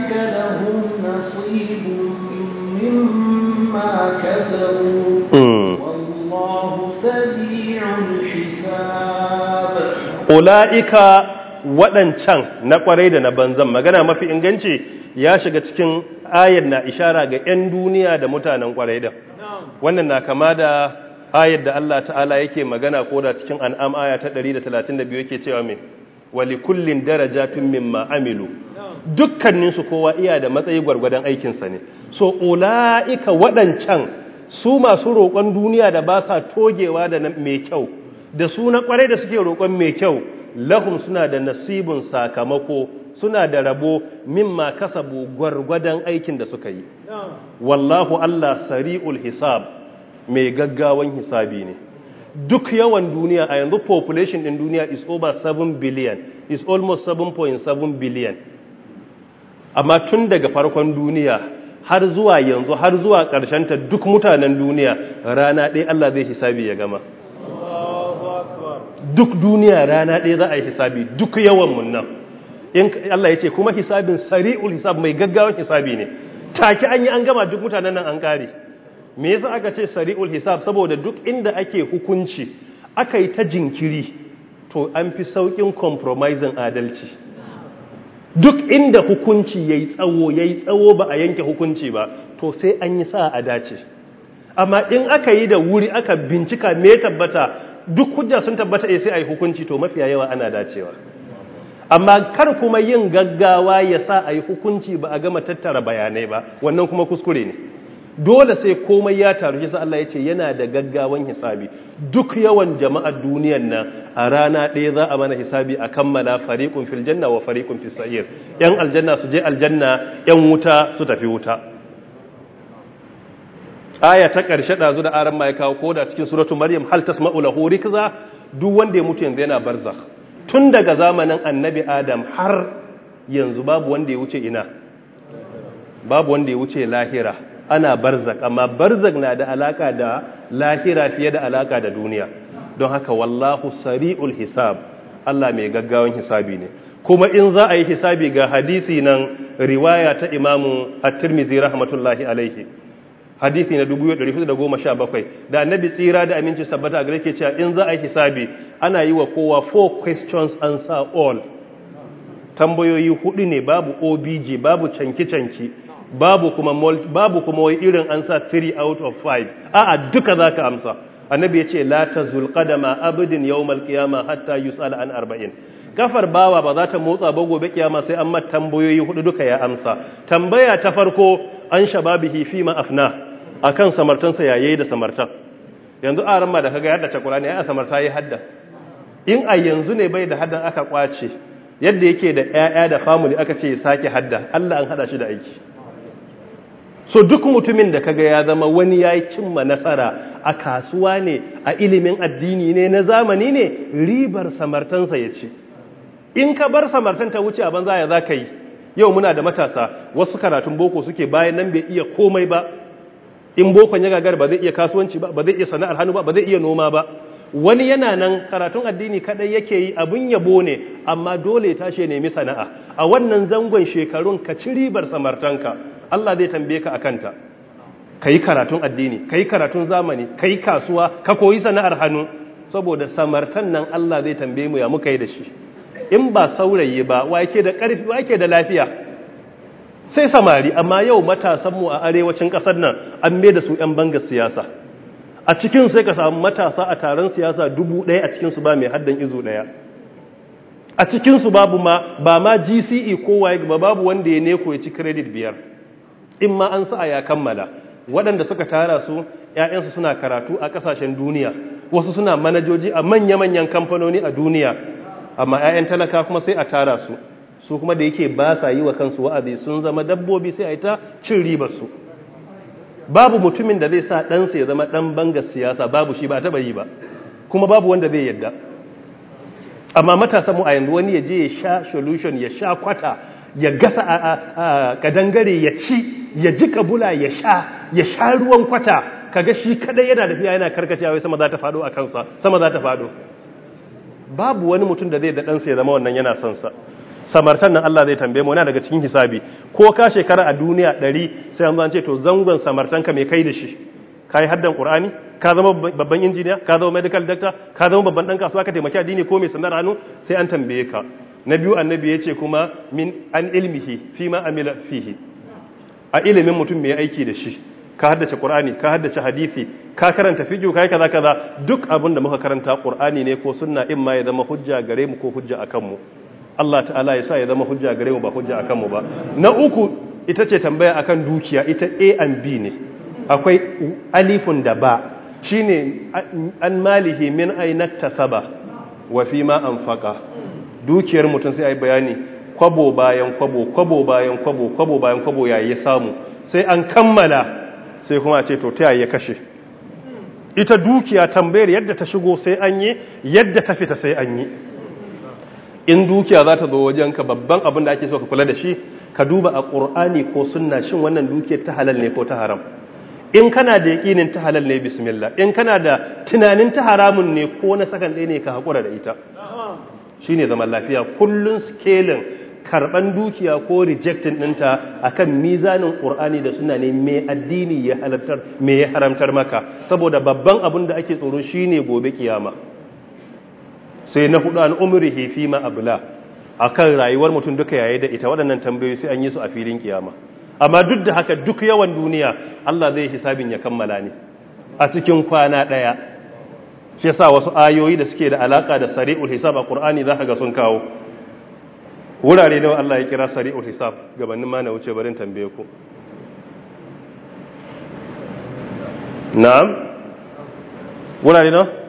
lahum nasibun mimma kasabu hmm. wallahu hisab ula'ika waɗancan na ƙwarai da na banzan magana mafi inganci ya shiga cikin ayar na ishara ga 'yan duniya da mutanen ƙwarai da wannan na kama da ayar da Allah ta'ala yake magana ko da cikin an'am aya ta 132 yake cewa mai wali kullin daraja tun min ma’amilu dukkanin dukkaninsu kowa iya da matsayi gwargwadon aikinsa ne so ula'ika waɗancan su masu roƙon duniya da ba sa togewa da mai kyau da suna kwarai da suke roƙon mai kyau lahum suna da nasibin sakamako suna da rabo mimma kasabu gwargwadon aikin da suka yi wallahu Allah sari'ul hisab mai gaggawan hisabi ne duk yawan duniya a yanzu population din duniya is over 7 billion is almost 7.7 billion amma tun daga farkon duniya har zuwa yanzu har zuwa karshen ta duk mutanen duniya rana ɗaya Allah zai hisabi ya gama duk duniya rana ɗaya za a yi hisabi duk yawan munna in Allah ya ce kuma hisabin sari'ul hisab mai gaggawan hisabi ne take an yi an gama duk mutanen nan an kare me yasa aka ce sari'ul hisab saboda duk inda ake hukunci aka yi ta jinkiri to an fi saukin compromising adalci duk inda hukunci yayi tsawo yayi tsawo ba a yanke hukunci ba to sai an yi sa a dace amma in aka yi da wuri aka bincika me tabbata duk hujja sun tabbata eh, sai a yi hukunci to mafiya yawa ana dacewa amma kar kuma yin gaggawa ya sa a yi hukunci ba a gama tattara bayanai ba wannan kuma kuskure ne dole sai komai ya taru shi Allah ya ce yana da gaggawan hisabi duk yawan jama'ar duniyar nan a rana ɗaya za a mana hisabi a kammala fariqun filjanna wa fariqun fisayir yan aljanna su je aljanna yan wuta su tafi wuta aya ta ƙarshe ɗazu da aran mai kawo ko da cikin suratu maryam hal tasma'u lahu rikza duk wanda ya mutu yanzu yana barzakh tun daga zamanin annabi adam har yanzu babu wanda ya wuce ina babu wanda ya wuce lahira ana barzak amma barzak na da alaka da lahira fiye da alaka da duniya don haka wallahu sari'ul hisab Allah mai gaggawan hisabi ne kuma in za a yi hisabi ga hadisi nan riwaya ta imamu at-tirmidhi rahmatullahi alaihi hadisi na 1417 da annabi tsira da aminci sabbata gare ke cewa in za a yi hisabi ana yi wa kowa four questions answer all tambayoyi hudu ne babu obj babu canki-canki babu kuma babu kuma wai irin ansa three out of a a duka za ka amsa annabi ce la tazul qadama abdin yawmal qiyama hatta yusal an arba'in kafar bawa ba za ta motsa ba gobe kiyama sai an ma tambayoyi hudu duka ya amsa tambaya ta farko an shababihi fi ma afna akan samartansa yayi da samartan yanzu a ma da kaga yadda ta Qur'ani ai samarta yayi hadda in a yanzu ne bai da haddan aka kwace yadda yake da 'ya'ya da family aka ce ya sake hadda Allah an hada shi da aiki so duk mutumin da kaga ya zama wani yayi cimma nasara a kasuwa ne a ilimin addini ne na zamani ne ribar samartansa ya ce in ka bar samartan ta wuce a banza ya zaka yi yau muna da matasa wasu karatun boko suke bayan nan bai iya komai ba in bokon ya gagar ba zai iya kasuwanci ba ba zai iya sana'ar hannu ba ba zai iya noma ba wani yana nan karatun addini kadai yake yi abun yabo ne amma dole tashi ya nemi sana'a a wannan zangon shekarun ka ci ribar samartanka Allah zai tambaye ka akanta kai karatun addini kai karatun zamani kai kasuwa ka koyi sana'ar hannu saboda samartan nan Allah zai tambaye mu ya muka yi da shi in ba saurayi ba wa yake da karfi wa yake da lafiya sai samari amma yau matasanmu a arewacin ƙasar nan an mai da su 'yan bangar siyasa a cikin sai ka samu matasa a taron siyasa dubu ɗaya a cikin su ba mai haddan izo ɗaya a cikinsu babu ma ba ma gce kowa ba babu wanda ya neko ya ci kredit biyar in ma an sa ya kammala waɗanda suka tara su 'ya'yansu suna karatu a ƙasashen duniya wasu suna manajoji a manya-manyan kamfanoni a duniya amma 'ya'yan talaka kuma sai a tara su su kuma da yake ba sa yi wa kansu wa'azi sun zama dabbobi sai a yi ta cin ribar su babu mutumin da zai sa ɗansa ya zama ɗan banga siyasa babu shi ba taɓa yi ba kuma babu wanda zai yadda amma matasa mu a yanzu wani ya je ya sha solution ya sha kwata ya gasa a kadangare ya ci ya ji kabula ya sha ya sha ruwan kwata kaga shi kadai yana tafiya yana karkacewa wai sama za ta fado a kansa sama za ta fado babu wani mutum da zai da ɗansa ya zama wannan yana son sa samartan nan Allah zai tambaye mu yana daga cikin hisabi ko ka shekara a duniya 100 sai an zance to zangon samartan ka mai kai da shi kai haddan qur'ani ka zama babban injiniya ka zama medical doctor ka zama babban dan kasuwa ka taimaki addini ko mai sanar hannu sai an tambaye ka na biyu annabi ya ce kuma min an ilmihi fi ma amila fihi a ilimin mutum mai aiki da shi ka haddace qur'ani ka haddace hadisi ka karanta fiqh kai kaza kaza duk abin da muka karanta qur'ani ne ko sunna in ma ya zama hujja gare mu ko hujja akan mu Allah ta'ala ya sa ya zama hujja gare mu ba hujja akan mu ba na uku ita ce tambaya akan dukiya ita A and B ne akwai alifun da ba shine an malihi min tasaba wa fi ma faka dukiyar mutum sai ai bayani kwabo bayan kwabo kwabo bayan kwabo kwabo bayan kwabo yayi samu sai an kammala sai kuma ce to ta ya kashe ita dukiya tambayar yadda ta shigo sai an yi yadda ta fita sai an yi in dukiya za ta zo wajenka babban abin da ake so ka kula da shi ka duba a ƙur'ani ko sunna shin wannan dukiyar ta halal ne ko ta haram in kana da yaƙinin ta halal ne bismillah in kana da tunanin ta haramun ne ko na sakan ɗaya ne ka haƙura da ita shine zaman lafiya kullum scaling karɓan dukiya ko rejectin ɗinta a kan mizanin ƙur'ani da suna ne mai addini ya halartar mai haramtar maka saboda babban abin da ake tsoro shine gobe kiyama sai na hudu an umri hefi ma a kan rayuwar mutum duka yayi da ita waɗannan tambayoyi sai an yi su a filin kiyama amma duk da haka duk yawan duniya Allah zai hisabin ya kammala ne a cikin kwana ɗaya shi yasa wasu ayoyi da suke da alaka da sari'ul hisab a Qur'ani ka ga sun kawo wurare da Allah ya kira sari'ul hisab gabanin ma na wuce barin tambaye ku na'am wurare nawa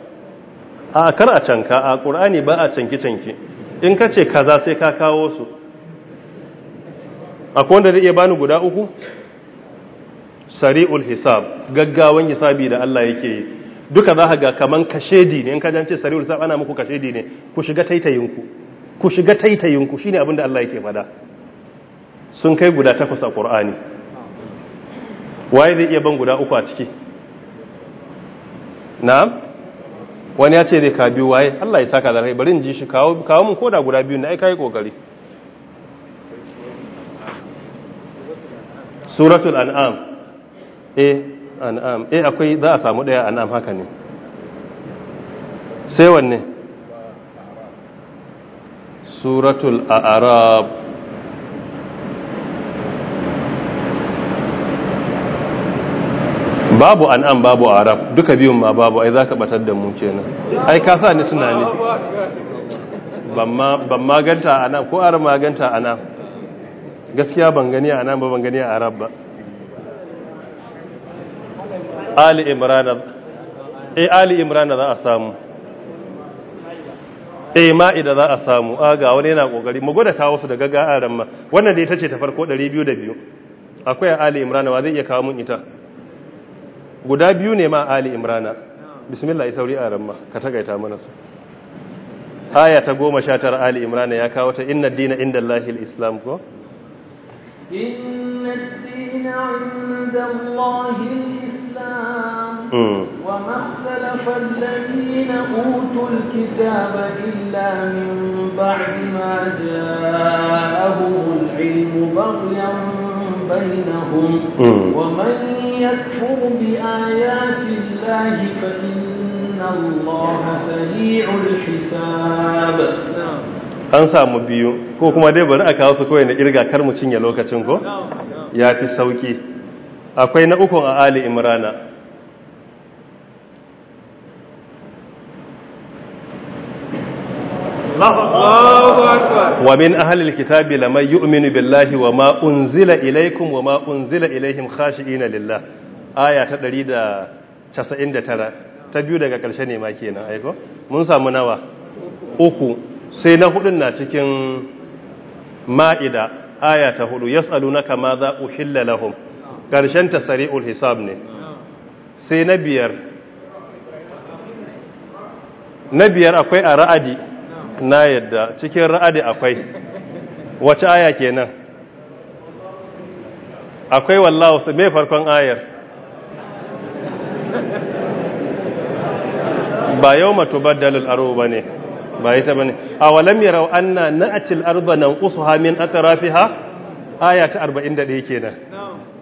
a kar a canka a ƙur'ani ba a canki canki in ka ce kaza sai ka kawo su akwai wanda zai iya bani guda uku sari'ul hisab gaggawan hisabi da Allah yake yi duka za ga kaman kashedi ne in ka jance sari'ul hisab ana muku kashedi ne ku shiga taitayinku ku shiga taitayinku shine abin da Allah yake fada sun kai guda takwas a Qur'ani waye zai iya ban guda uku a ciki na'am wani ya ce zai ka biyu waye Allah ya saka da rai bari in ji shi kawo kawo mun koda guda biyu na ai kai kokari suratul an'am eh an'am eh akwai za a samu daya an'am haka ne sai wanne suratul arab. babu an'am babu arab duka biyun ma babu ai zaka batar da mu kenan ai ka sa ni ne ban maganta an'am ko arab maganta an'am gaskiya ban gani an'am ba ban gani arab ba ali imran eh ali imran za a samu eh ma'ida za a samu a ah, ga wani yana kokari mu gwada kawo su da gaggawa ran ma wannan da ita ce ta farko 202 akwai ali imran wa zai iya kawo mun ita guda biyu ne ma ali imrana bismillah sauri a ramma ka tagaita mana su aya ta goma sha tara ali imrana ya kawo ta inna dina inda lahil islam ko inna dina inda lahil islam hmm. wa makhtalafa alladhina utul kitaba illa min ba'di ma ja'ahum al-ilmu baghyan بينهم ومن an samu biyu ko kuma dai bari a kawo su kawai na irga kar mu cinye lokacin ko ya fi sauki akwai na ukun a ali imrana Allah wa min ahalil kitabi lamay yu'minu billahi wa ma unzila ilaykum wa ma unzila ilayhim khashi'ina lillah aya ta 199 ta biyu daga karshe ne ma kenan aiko mun samu nawa uku sai na hudun na cikin ma'ida aya ta hudu yas'alunaka ma za uhilla lahum karshen ta sari'ul hisab ne sai na biyar na biyar akwai a ra'adi na yadda cikin ra'adi akwai wace aya kenan akwai wallahu su mai farkon ayar ba yau matu dalil aro ba ne ba ita ba ne a walam na a cil arba nan usuha rafi ha? aya ta 41 kenan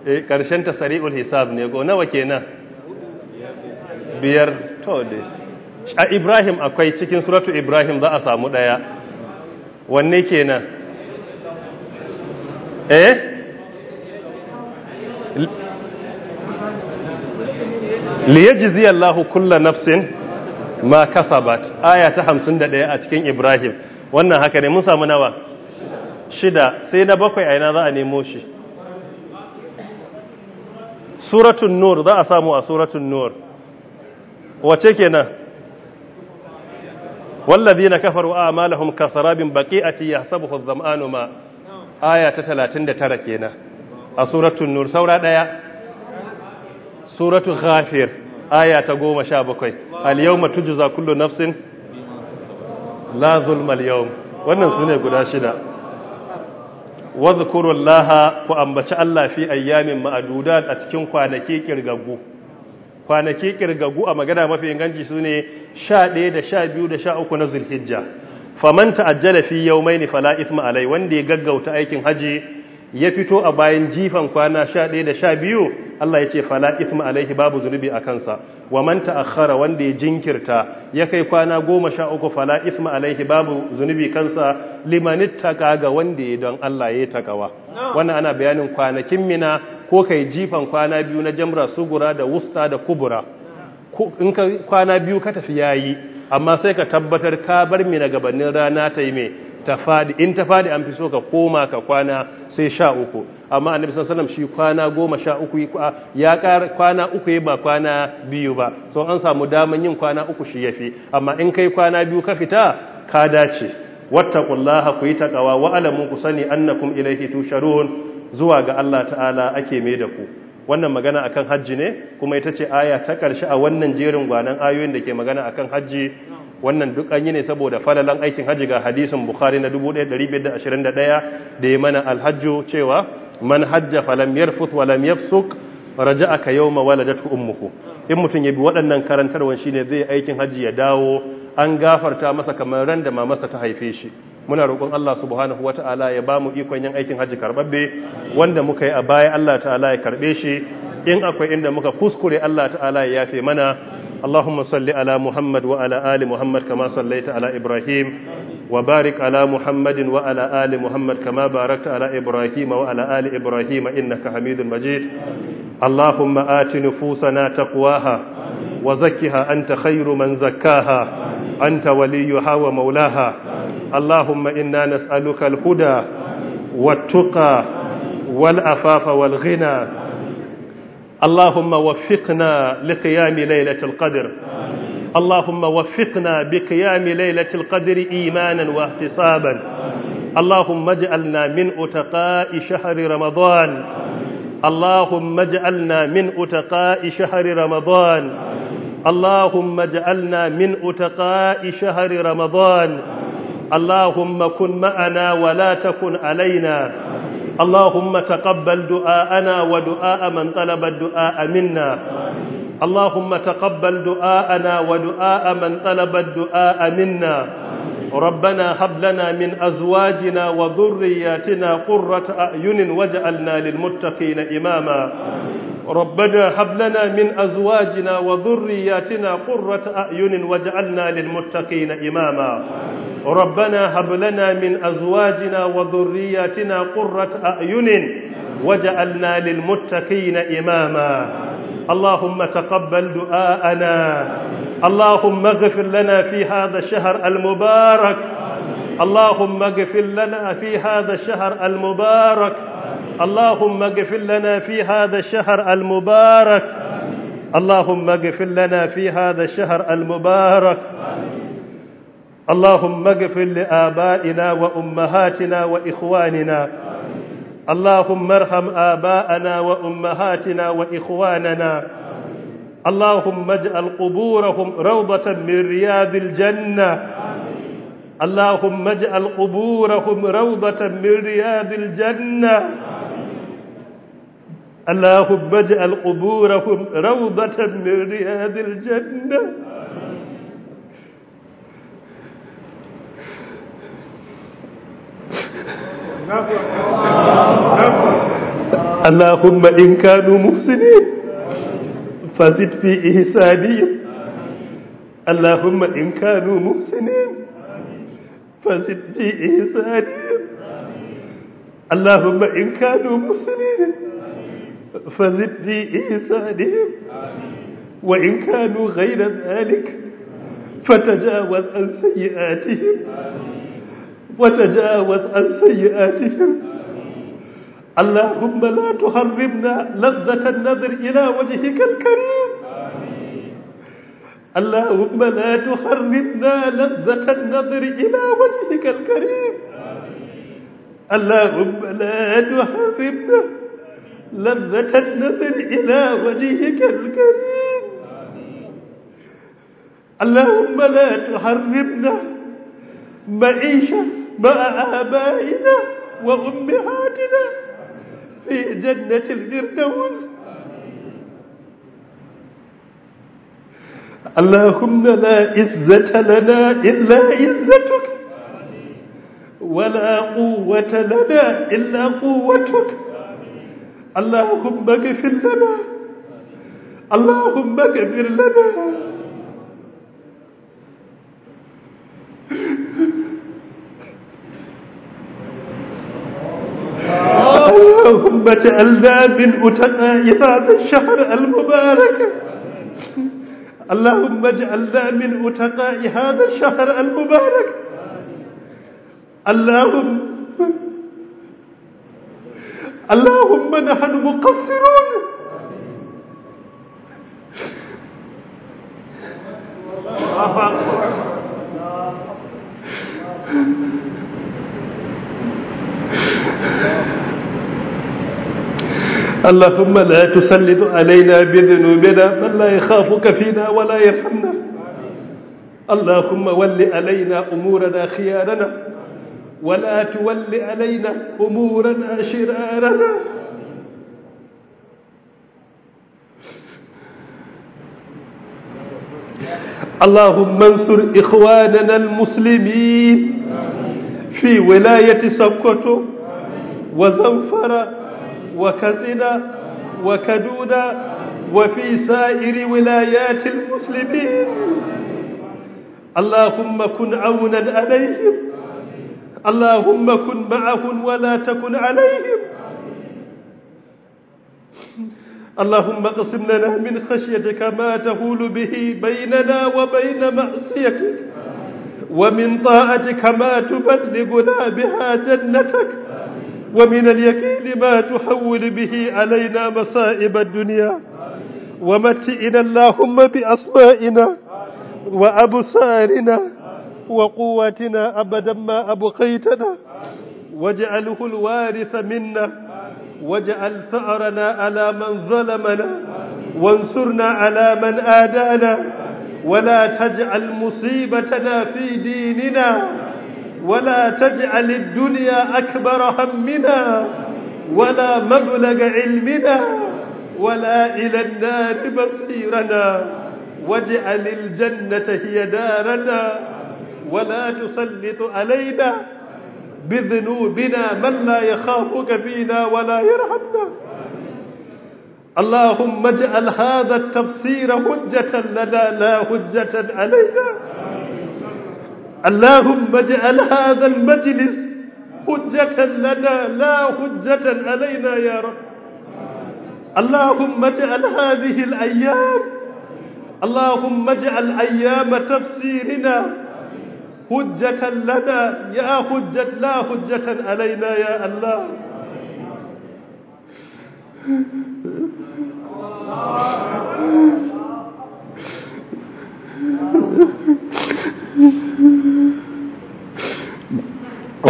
eh karshen ta sari'ul hisab ne go nawa kenan biyar to dai a Ibrahim akwai cikin suratu Ibrahim za a samu ɗaya wanne kenan eh liyajzi Allahu kulla nafsin ma kasabat aya ta ɗaya a cikin Ibrahim wannan haka ne mun samu nawa shida sai na bakwai aina za a nemo shi suratun nur za a samu a suratun nur wace kenan wallazina kafaru a'malahum kasarabin baqi'ati yahsabuhu adh-dhama'anu ma aya ta 39 kenan a suratul nur saura daya suratul ghafir aya ta 17 al-yawma tujza kullu nafsin la zulma al-yawm wannan sune guda shida wadhkurullaha ku ambaci Allah fi ayyamin ma'dudat a cikin kwanaki kirgaggu kwanaki kirgagu a magana mafi inganci su ne sha ɗaya da sha biyu da sha uku na zulhijja faman ta'ajjala fi ni fala isma alai wanda ya gaggauta aikin haji ya fito a bayan jifan kwana sha ɗaya da sha biyu Allah ya ce fala isma alaihi babu zunubi a kansa wa man ta'akhkhara wanda ya jinkirta ya kai kwana goma sha uku fala isma alaihi babu zunubi kansa liman ittaka ga wanda ya don Allah ya takawa wannan ana bayanin kwanakin mina ko kai jifan kwana biyu na jamra sugura da wusta da kubura in ka kwana biyu ka tafi yayi amma sai ka tabbatar ka bar mina gabanin rana ta yi mai tafadi in ta an fi so ka koma ka kwana sai sha uku amma annabi sallallahu shi kwana goma sha uku ya kwana uku ba kwana biyu ba so an samu daman yin kwana uku shi yafi amma in kai kwana biyu ka fita ka dace wattaqullaha ku yi takawa wa alamu ku sani annakum ilaihi tusharun zuwa ga Allah ta'ala ake mai da ku wannan magana akan hajji ne kuma ita ce aya ta karshe a wannan jerin gwanan ayoyin da ke magana akan hajji wannan duk an yi ne saboda falalan aikin hajji ga hadisin bukhari na 1521 da ya mana alhajjo cewa man hajja falam yarfut walam yafsuk aka yau wala waladatu ummuhu in mutum ya bi waɗannan shi ne zai aikin hajji ya dawo an gafarta masa kamar ran da mamarsa ta haife shi muna roƙon Allah subhanahu wata'ala ya bamu ikon yin aikin hajji karbabbe wanda muka yi a baya Allah ta'ala ya karɓe shi in akwai inda muka kuskure Allah ta'ala ya yafe mana اللهم صل على محمد وعلى آل محمد كما صليت على إبراهيم وبارك على محمد وعلى آل محمد كما باركت على إبراهيم وعلى آل إبراهيم إنك حميد مجيد اللهم آت نفوسنا تقواها وزكها أنت خير من زكاها أنت وليها ومولاها اللهم إنا نسألك الهدى والتقى والأفاف والغنى اللهم وفقنا لقيام ليلة القدر آمين. اللهم وفقنا بقيام ليلة القدر إيمانا واحتسابا آمين. اللهم اجعلنا من أتقاء شهر رمضان آمين. اللهم اجعلنا من أتقاء شهر رمضان اللهم اجعلنا من أتقاء شهر رمضان اللهم كن معنا ولا تكن علينا اللهم تقبل دعاءنا ودعاء من طلب الدعاء منا اللهم تقبل دعاءنا ودعاء من طلب الدعاء منا ربنا هب لنا من أزواجنا وذرياتنا قرة أعين وجعلنا للمتقين إماما ربنا هب لنا من أزواجنا وذرياتنا قرة أعين واجعلنا للمتقين إماما ربنا هب لنا من أزواجنا وذرياتنا قرة أعين واجعلنا للمتقين إماما اللهم تقبل دعاءنا اللهم اغفر لنا في هذا الشهر المبارك اللهم اغفر لنا في هذا الشهر المبارك اللهم اغفر لنا في هذا الشهر المبارك اللهم اغفر لنا في هذا الشهر المبارك اللهم اغفر لآبائنا وأمهاتنا وإخواننا اللهم ارحم آباءنا وأمهاتنا وإخواننا اللهم اجعل قبورهم روضة من رياض الجنة اللهم اجعل قبورهم روضة من رياض الجنة اللهم اجعل قبورهم روضة من رياض الجنة اللهم إن كانوا محسنين فزد في إحسانهم اللهم إن كانوا محسنين فزد في إحسانهم اللهم إن كانوا محسنين فزدني إيسانهم وإن كانوا غير ذلك فتجاوز عن سيئاتهم وتجاوز عن سيئاتهم اللهم لا تحرمنا لذة النظر إلى وجهك الكريم اللهم لا تحرمنا لذة النظر إلى وجهك الكريم اللهم لا تحرمنا لذة النظر إلى وجهك الكريم اللهم لا تحرمنا معيشة مع آبائنا وأمهاتنا في جنة الفردوس اللهم لا عزة لنا إلا عزتك ولا قوة لنا إلا قوتك اللهم اغفر لنا اللهم اغفر لنا اللهم اجعلنا من أتقاء هذا الشهر المبارك اللهم اجعلنا من أتقاء هذا الشهر المبارك اللهم اللهم نحن مقصرون اللهم لا تسلط علينا بذنوبنا من لا يخافك فينا ولا يرحمنا اللهم ول علينا أمورنا خيارنا ولا تول علينا أمورا شرارنا اللهم انصر إخواننا المسلمين في ولاية سبكتو وزنفرة وكزنا وكدودا وفي سائر ولايات المسلمين اللهم كن عونا عليهم اللهم كن معهم ولا تكن عليهم اللهم اقسم لنا من خشيتك ما تهول به بيننا وبين معصيتك ومن طاعتك ما تبلغنا بها جنتك ومن اليقين ما تحول به علينا مصائب الدنيا ومتئنا اللهم باصبائنا وأبصارنا وقوتنا أبدا ما أبقيتنا واجعله الوارث منا واجعل ثأرنا على من ظلمنا وانصرنا على من آدانا ولا تجعل مصيبتنا في ديننا ولا تجعل الدنيا أكبر همنا ولا مبلغ علمنا ولا إلى النار مصيرنا واجعل الجنة هي دارنا ولا تسلط علينا بذنوبنا من لا يخافك فينا ولا يرحمنا اللهم اجعل هذا التفسير حجة لنا لا حجة علينا اللهم اجعل هذا المجلس حجة لنا لا حجة علينا يا رب اللهم اجعل هذه الأيام اللهم اجعل أيام تفسيرنا حجة لنا يا حجة لا حجة علينا يا الله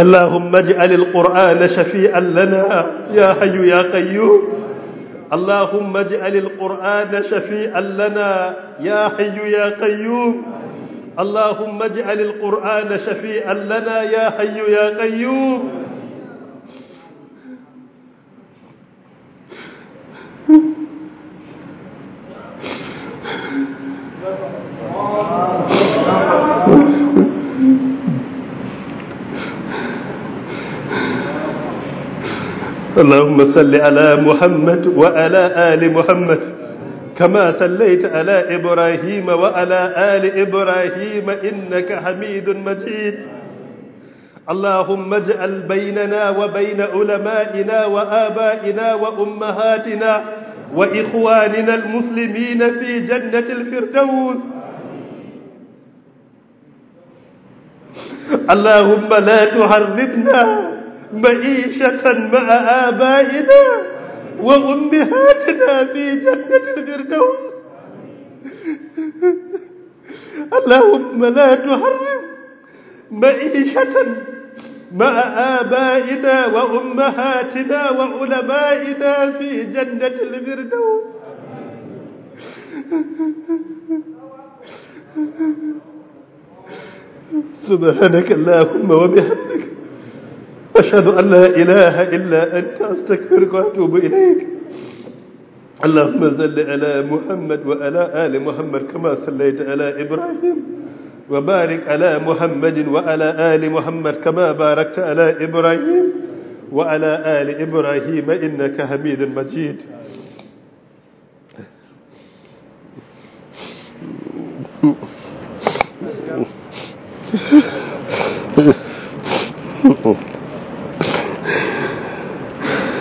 اللهم اجعل القرآن شفيعا لنا يا حي يا قيوم اللهم اجعل القرآن شفيعا لنا يا حي يا قيوم اللهم اجعل القرآن شفيعا لنا يا حي يا قيوم اللهم صل على محمد وعلى آل محمد كما صليت على إبراهيم وعلى آل إبراهيم إنك حميد مجيد اللهم اجعل بيننا وبين علمائنا وآبائنا وأمهاتنا وإخواننا المسلمين في جنة الفردوس اللهم لا تحرمنا معيشة مع آبائنا وأمهاتنا في جنة الفردوس اللهم لا تحرم معيشة مع آبائنا وأمهاتنا وعلمائنا في جنة الفردوس سبحانك اللهم وبحمدك أشهد ان لا اله الا انت استغفرك واتوب اليك اللهم صل على محمد وعلى ال محمد كما صليت على ابراهيم وبارك على محمد وعلى ال محمد كما باركت على ابراهيم وعلى ال ابراهيم انك حميد مجيد Oh.